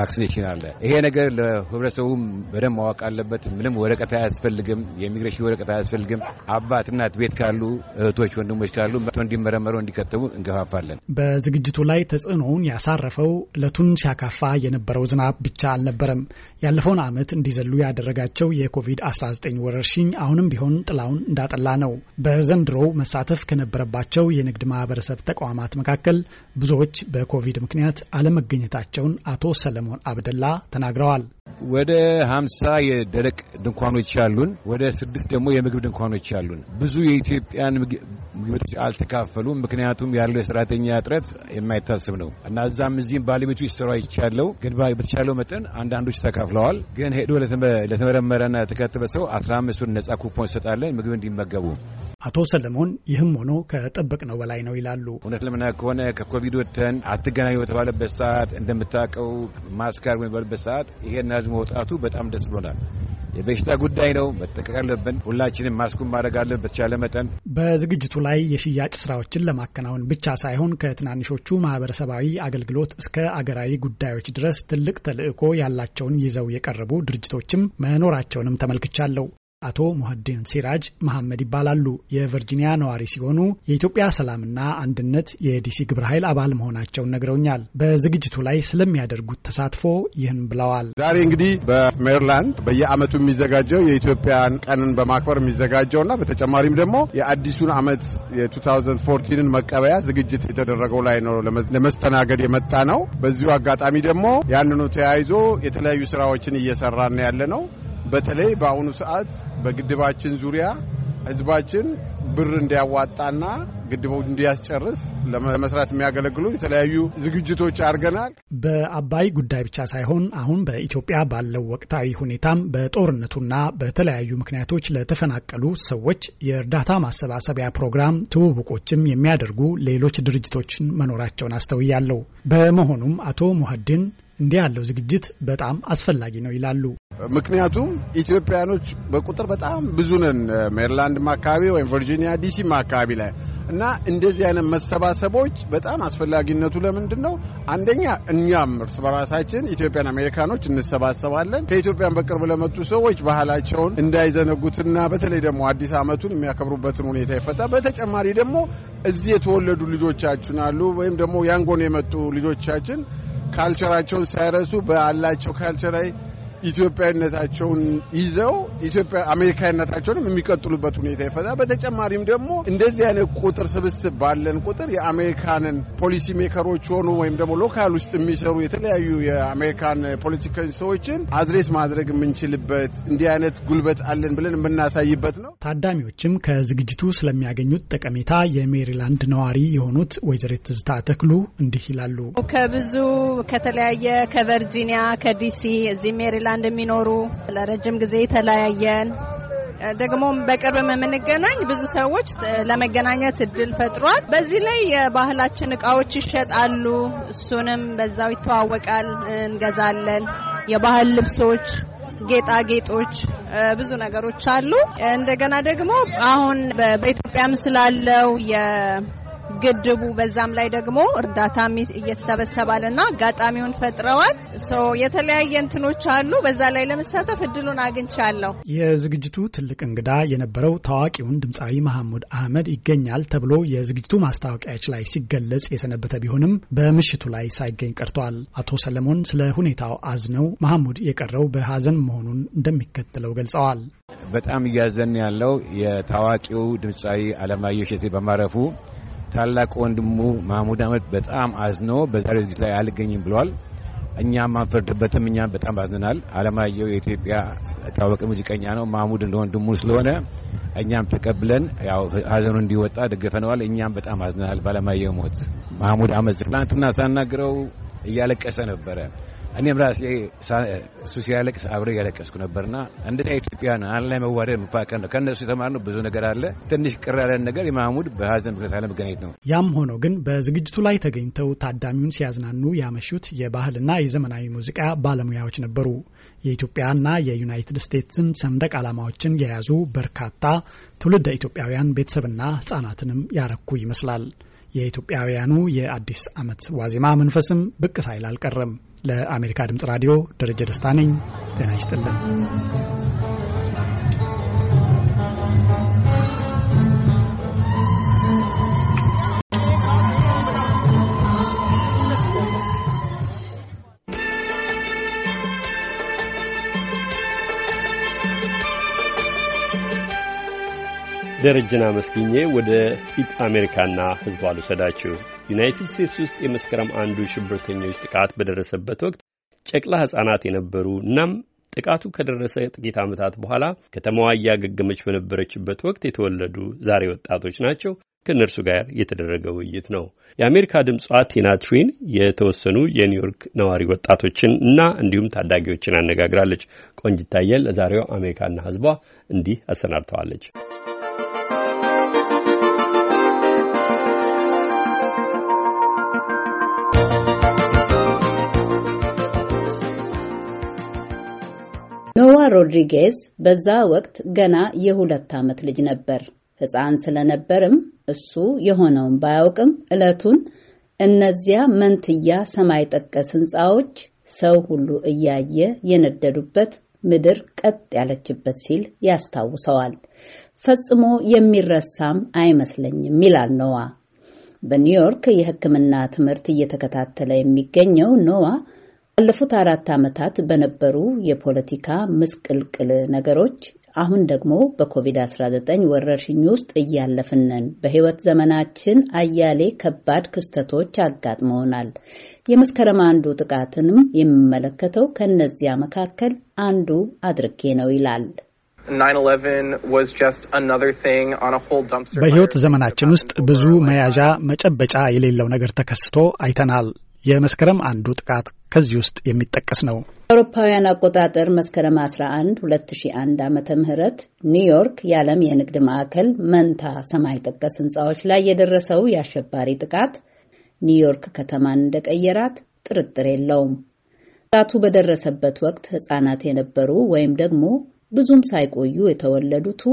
ቫክሲኔሽን አለ። ይሄ ነገር ለህብረተሰቡ በደንብ ማወቅ አለበት። ምንም ወረቀት አያስፈልግም፣ የኢሚግሬሽን ወረቀት አያስፈልግም። አባት እናት ቤት ካሉ እህቶች ወንድሞች ካሉ እንዲመረመሩ እንዲከተቡ እንገፋፋለን። በዝግጅቱ ላይ ተጽዕኖውን ያሳረፈው እለቱን ሲያካፋ የነበረው ዝናብ ብቻ አልነበረም። ያለፈውን አመት እንዲዘሉ ያደረጋቸው የኮቪድ 19 ወረርሽኝ አሁንም ቢሆን ጥላውን እንዳጠላ ነው። በዘንድሮው መሳተፍ ከነበረባቸው የንግድ ማህበረሰብ ተቋማት መካከል ብዙዎች በኮቪድ ምክንያት አለመገኘታቸውን አቶ ሰለሞን አብደላ ተናግረዋል። ወደ ሀምሳ የደረቅ ድንኳኖች ያሉን ወደ ስድስት ደግሞ የምግብ ድንኳኖች ያሉን ብዙ የኢትዮጵያን ምግቦች አልተካፈሉም። ምክንያቱም ያለው የሰራተኛ እጥረት የማይታስብ ነው እና እዛም እዚህም ባለቤቱ ይሰራ ይቻለው ግን በተቻለው መጠን አንዳንዶች ተካፍለዋል። ግን ሄዶ ለተመረመረና ለተከተበ በሰው አስራ አምስቱን ነጻ ኩፖን ይሰጣለን ምግብ እንዲመገቡ አቶ ሰለሞን ይህም ሆኖ ከጠበቅነው በላይ ነው ይላሉ። እውነት ለምና ከሆነ ከኮቪድ ወጥተን አትገናኙ በተባለበት ሰዓት እንደምታውቀው ማስካር በሚባልበት ሰዓት ይሄን ህዝብ መውጣቱ በጣም ደስ ብሎናል። የበሽታ ጉዳይ ነው፣ መጠቀቅ አለብን። ሁላችንም ማስኩም ማድረግ አለን በተቻለ መጠን። በዝግጅቱ ላይ የሽያጭ ስራዎችን ለማከናወን ብቻ ሳይሆን ከትናንሾቹ ማህበረሰባዊ አገልግሎት እስከ አገራዊ ጉዳዮች ድረስ ትልቅ ተልዕኮ ያላቸውን ይዘው የቀረቡ ድርጅቶችም መኖራቸውንም ተመልክቻለሁ። አቶ ሙሀዲን ሲራጅ መሐመድ ይባላሉ። የቨርጂኒያ ነዋሪ ሲሆኑ የኢትዮጵያ ሰላምና አንድነት የዲሲ ግብረ ኃይል አባል መሆናቸውን ነግረውኛል። በዝግጅቱ ላይ ስለሚያደርጉት ተሳትፎ ይህን ብለዋል። ዛሬ እንግዲህ በሜሪላንድ በየአመቱ የሚዘጋጀው የኢትዮጵያን ቀንን በማክበር የሚዘጋጀውና በተጨማሪም ደግሞ የአዲሱን ዓመት የ2014ን መቀበያ ዝግጅት የተደረገው ላይ ነው ለመስተናገድ የመጣ ነው። በዚሁ አጋጣሚ ደግሞ ያንኑ ተያይዞ የተለያዩ ስራዎችን እየሰራን ያለ ነው። በተለይ በአሁኑ ሰዓት በግድባችን ዙሪያ ህዝባችን ብር እንዲያዋጣና ግድቡ እንዲያስጨርስ ለመስራት የሚያገለግሉ የተለያዩ ዝግጅቶች አድርገናል። በአባይ ጉዳይ ብቻ ሳይሆን አሁን በኢትዮጵያ ባለው ወቅታዊ ሁኔታም በጦርነቱና በተለያዩ ምክንያቶች ለተፈናቀሉ ሰዎች የእርዳታ ማሰባሰቢያ ፕሮግራም ትውውቆችም የሚያደርጉ ሌሎች ድርጅቶችን መኖራቸውን አስተውያለሁ። በመሆኑም አቶ ሙሀድን እንዲህ ያለው ዝግጅት በጣም አስፈላጊ ነው ይላሉ። ምክንያቱም ኢትዮጵያኖች በቁጥር በጣም ብዙ ነን፣ ሜሪላንድም አካባቢ ወይም ቨርጂኒያ ዲሲም አካባቢ ላይ እና እንደዚህ አይነት መሰባሰቦች በጣም አስፈላጊነቱ ለምንድን ነው? አንደኛ እኛም እርስ በራሳችን ኢትዮጵያን አሜሪካኖች እንሰባሰባለን። ከኢትዮጵያን በቅርብ ለመጡ ሰዎች ባህላቸውን እንዳይዘነጉትና በተለይ ደግሞ አዲስ ዓመቱን የሚያከብሩበትን ሁኔታ ይፈጠር። በተጨማሪ ደግሞ እዚህ የተወለዱ ልጆቻችን አሉ ወይም ደግሞ ያንጎን የመጡ ልጆቻችን ካልቸራቸውን ሳይረሱ ካልቸር ላይ ኢትዮጵያዊነታቸውን ይዘው ኢትዮጵያ አሜሪካዊነታቸውንም የሚቀጥሉበት ሁኔታ ይፈታል። በተጨማሪም ደግሞ እንደዚህ አይነት ቁጥር ስብስብ ባለን ቁጥር የአሜሪካንን ፖሊሲ ሜከሮች ሆኑ ወይም ደግሞ ሎካል ውስጥ የሚሰሩ የተለያዩ የአሜሪካን ፖለቲካዊ ሰዎችን አድሬስ ማድረግ የምንችልበት እንዲህ አይነት ጉልበት አለን ብለን የምናሳይበት ነው። ታዳሚዎችም ከዝግጅቱ ስለሚያገኙት ጠቀሜታ የሜሪላንድ ነዋሪ የሆኑት ወይዘሪት ትዝታ ተክሉ እንዲህ ይላሉ። ከብዙ ከተለያየ ከቨርጂኒያ፣ ከዲሲ እዚህ ሜሪላንድ እንደሚኖሩ ለረጅም ጊዜ ተለያየን። ደግሞ በቅርብም የምንገናኝ ብዙ ሰዎች ለመገናኘት እድል ፈጥሯል። በዚህ ላይ የባህላችን እቃዎች ይሸጣሉ። እሱንም በዛው ይተዋወቃል፣ እንገዛለን። የባህል ልብሶች፣ ጌጣጌጦች፣ ብዙ ነገሮች አሉ። እንደገና ደግሞ አሁን በኢትዮጵያም ስላለው ግድቡ በዛም ላይ ደግሞ እርዳታ እየተሰበሰባል አጋጣሚውን ፈጥረዋል። የተለያየ እንትኖች አሉ። በዛ ላይ ለመሳተፍ እድሉን አግኝቻለሁ። የዝግጅቱ ትልቅ እንግዳ የነበረው ታዋቂውን ድምፃዊ መሐሙድ አህመድ ይገኛል ተብሎ የዝግጅቱ ማስታወቂያዎች ላይ ሲገለጽ የሰነበተ ቢሆንም በምሽቱ ላይ ሳይገኝ ቀርቷል። አቶ ሰለሞን ስለ ሁኔታው አዝነው መሐሙድ የቀረው በሀዘን መሆኑን እንደሚከተለው ገልጸዋል። በጣም እያዘን ያለው የታዋቂው ድምፃዊ አለማየሁ እሸቴ በማረፉ ታላቅ ወንድሙ ማህሙድ አህመድ በጣም አዝኖ በዛሬ ዝግጅት ላይ አልገኝም ብለዋል። እኛም አንፈርድበትም። እኛ በጣም አዝነናል። አለማየሁ የኢትዮጵያ የታወቀ ሙዚቀኛ ነው። ማህሙድ እንደ ወንድሙ ስለሆነ እኛም ተቀብለን ያው ሀዘኑ እንዲወጣ ደገፈነዋል። እኛም በጣም አዝነናል ባለማየሁ ሞት። ማህሙድ አህመድ ትላንትና ሳናግረው እያለቀሰ ነበረ። እኔም ራሴ እሱ ሲያለቅስ አብሬ ያለቀስኩ ነበርና እንደ ኢትዮጵያን አንድ ላይ መዋደድ መፋቀር ነው። ከእነሱ የተማርነው ብዙ ነገር አለ። ትንሽ ቅር ያለን ነገር የማህሙድ በሀዘን ምክንያት አለመገናኘት ነው። ያም ሆኖ ግን በዝግጅቱ ላይ ተገኝተው ታዳሚውን ሲያዝናኑ ያመሹት የባህልና የዘመናዊ ሙዚቃ ባለሙያዎች ነበሩ። የኢትዮጵያና የዩናይትድ ስቴትስን ሰንደቅ ዓላማዎችን የያዙ በርካታ ትውልደ ኢትዮጵያውያን ቤተሰብና ህጻናትንም ያረኩ ይመስላል። የኢትዮጵያውያኑ የአዲስ ዓመት ዋዜማ መንፈስም ብቅ ሳይል አልቀረም። ለአሜሪካ ድምጽ ራዲዮ ደረጀ ደስታ ነኝ። ጤና ይስጥልን። ደረጀን አመስግኜ ወደ ፊት አሜሪካና ህዝቧ ልውሰዳችሁ። ዩናይትድ ስቴትስ ውስጥ የመስከረም አንዱ ሽብርተኞች ጥቃት በደረሰበት ወቅት ጨቅላ ሕፃናት የነበሩ እናም ጥቃቱ ከደረሰ ጥቂት ዓመታት በኋላ ከተማዋ እያገገመች በነበረችበት ወቅት የተወለዱ ዛሬ ወጣቶች ናቸው። ከእነርሱ ጋር የተደረገ ውይይት ነው። የአሜሪካ ድምጿ ቴና ትሪን የተወሰኑ የኒውዮርክ ነዋሪ ወጣቶችን እና እንዲሁም ታዳጊዎችን አነጋግራለች። ቆንጅታየል ለዛሬው አሜሪካና ህዝቧ እንዲህ አሰናድተዋለች። ሮድሪጌዝ በዛ ወቅት ገና የሁለት ዓመት ልጅ ነበር። ሕፃን ስለነበርም እሱ የሆነውን ባያውቅም ዕለቱን እነዚያ መንትያ ሰማይ ጠቀስ ሕንፃዎች ሰው ሁሉ እያየ የነደዱበት ምድር ቀጥ ያለችበት ሲል ያስታውሰዋል። ፈጽሞ የሚረሳም አይመስለኝም ይላል ኖዋ። በኒውዮርክ የሕክምና ትምህርት እየተከታተለ የሚገኘው ኖዋ ባለፉት አራት ዓመታት በነበሩ የፖለቲካ ምስቅልቅል ነገሮች አሁን ደግሞ በኮቪድ-19 ወረርሽኝ ውስጥ እያለፍንን በህይወት በሕይወት ዘመናችን አያሌ ከባድ ክስተቶች አጋጥመውናል። የመስከረም አንዱ ጥቃትንም የምመለከተው ከእነዚያ መካከል አንዱ አድርጌ ነው ይላል። በሕይወት ዘመናችን ውስጥ ብዙ መያዣ መጨበጫ የሌለው ነገር ተከስቶ አይተናል። የመስከረም አንዱ ጥቃት ከዚህ ውስጥ የሚጠቀስ ነው። አውሮፓውያን አቆጣጠር መስከረም 11 2001 ዓ ም ኒውዮርክ የዓለም የንግድ ማዕከል መንታ ሰማይ ጠቀስ ህንፃዎች ላይ የደረሰው የአሸባሪ ጥቃት ኒውዮርክ ከተማን እንደቀየራት ጥርጥር የለውም። ጥቃቱ በደረሰበት ወቅት ህጻናት የነበሩ ወይም ደግሞ ብዙም ሳይቆዩ የተወለዱቱ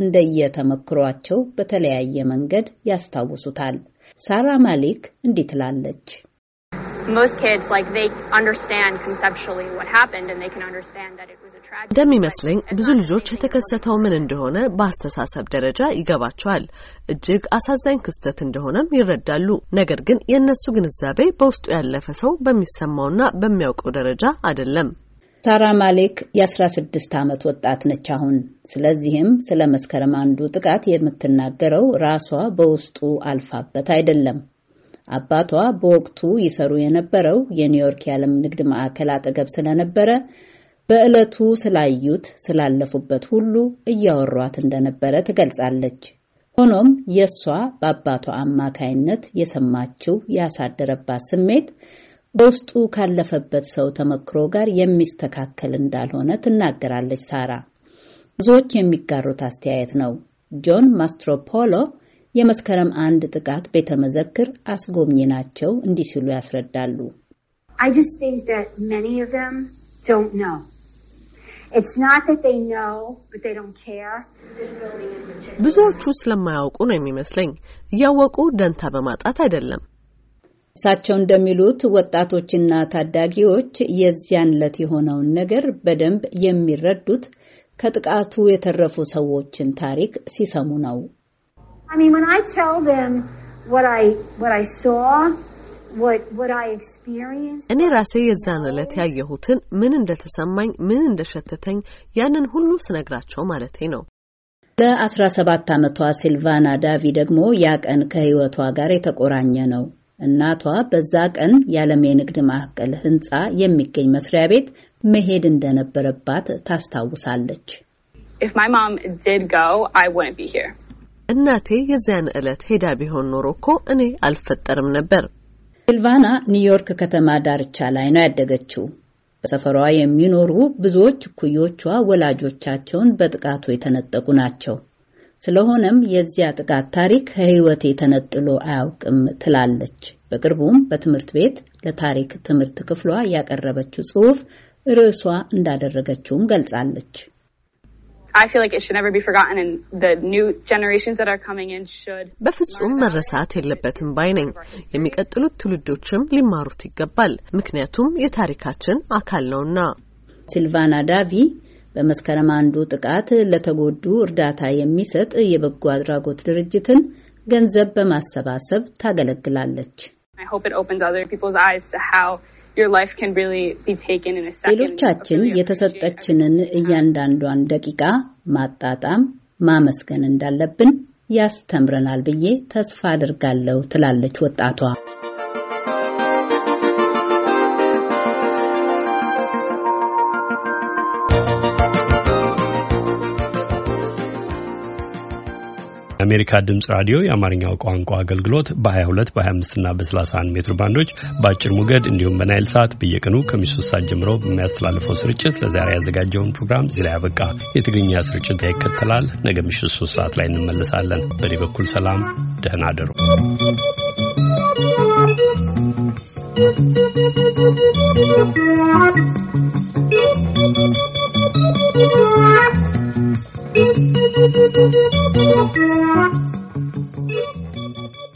እንደየተመክሯቸው በተለያየ መንገድ ያስታውሱታል። ሳራ ማሊክ እንዲህ ትላለች። እንደሚመስለኝ ብዙ ልጆች የተከሰተው ምን እንደሆነ በአስተሳሰብ ደረጃ ይገባቸዋል። እጅግ አሳዛኝ ክስተት እንደሆነም ይረዳሉ። ነገር ግን የእነሱ ግንዛቤ በውስጡ ያለፈ ሰው በሚሰማውና በሚያውቀው ደረጃ አይደለም። ሳራ ማሌክ የ16 ዓመት ወጣት ነች አሁን። ስለዚህም ስለ መስከረም አንዱ ጥቃት የምትናገረው ራሷ በውስጡ አልፋበት አይደለም። አባቷ በወቅቱ ይሰሩ የነበረው የኒውዮርክ የዓለም ንግድ ማዕከል አጠገብ ስለነበረ በዕለቱ ስላዩት ስላለፉበት ሁሉ እያወሯት እንደነበረ ትገልጻለች። ሆኖም የእሷ በአባቷ አማካይነት የሰማችው ያሳደረባት ስሜት በውስጡ ካለፈበት ሰው ተመክሮ ጋር የሚስተካከል እንዳልሆነ ትናገራለች። ሳራ ብዙዎች የሚጋሩት አስተያየት ነው። ጆን ማስትሮፖሎ የመስከረም አንድ ጥቃት ቤተ መዘክር አስጎብኚ ናቸው እንዲህ ሲሉ ያስረዳሉ። ብዙዎቹ ስለማያውቁ ነው የሚመስለኝ። እያወቁ ደንታ በማጣት አይደለም። እሳቸው እንደሚሉት ወጣቶችና ታዳጊዎች የዚያን ዕለት የሆነውን ነገር በደንብ የሚረዱት ከጥቃቱ የተረፉ ሰዎችን ታሪክ ሲሰሙ ነው። I mean, when I tell them what I what I saw, what what I experienced. እኔ ራሴ የዛን ዕለት ያየሁትን ምን እንደተሰማኝ፣ ምን እንደሸተተኝ ያንን ሁሉ ስነግራቸው ማለቴ ነው። ለ17 ዓመቷ ሲልቫና ዳቪ ደግሞ ያ ቀን ከሕይወቷ ጋር የተቆራኘ ነው። እናቷ በዛ ቀን የዓለም የንግድ ማዕከል ሕንፃ የሚገኝ መስሪያ ቤት መሄድ እንደነበረባት ታስታውሳለች። እናቴ የዚያን ዕለት ሄዳ ቢሆን ኖሮ እኮ እኔ አልፈጠርም ነበር። ሲልቫና ኒውዮርክ ከተማ ዳርቻ ላይ ነው ያደገችው። በሰፈሯ የሚኖሩ ብዙዎች እኩዮቿ ወላጆቻቸውን በጥቃቱ የተነጠቁ ናቸው። ስለሆነም የዚያ ጥቃት ታሪክ ከሕይወቴ ተነጥሎ አያውቅም ትላለች። በቅርቡም በትምህርት ቤት ለታሪክ ትምህርት ክፍሏ ያቀረበችው ጽሑፍ ርዕሷ እንዳደረገችውም ገልጻለች። በፍጹም መረሳት የለበትም ባይ ነኝ። የሚቀጥሉት ትውልዶችም ሊማሩት ይገባል፣ ምክንያቱም የታሪካችን አካል ነውና። ሲልቫና ዳቪ በመስከረም አንዱ ጥቃት ለተጎዱ እርዳታ የሚሰጥ የበጎ አድራጎት ድርጅትን ገንዘብ በማሰባሰብ ታገለግላለች። ሌሎቻችን የተሰጠችንን እያንዳንዷን ደቂቃ ማጣጣም፣ ማመስገን እንዳለብን ያስተምረናል ብዬ ተስፋ አድርጋለሁ ትላለች ወጣቷ። የአሜሪካ ድምፅ ራዲዮ የአማርኛው ቋንቋ አገልግሎት በ22 በ25 እና በ31 ሜትር ባንዶች በአጭር ሞገድ እንዲሁም በናይል ሰዓት በየቀኑ ከምሽቱ ሶስት ሰዓት ጀምሮ በሚያስተላልፈው ስርጭት ለዛሬ ያዘጋጀውን ፕሮግራም እዚህ ላይ ያበቃ። የትግርኛ ስርጭት ይከተላል። ነገ ምሽት ሶስት ሰዓት ላይ እንመለሳለን። በእኔ በኩል ሰላም፣ ደህና አደሩ። Thank you.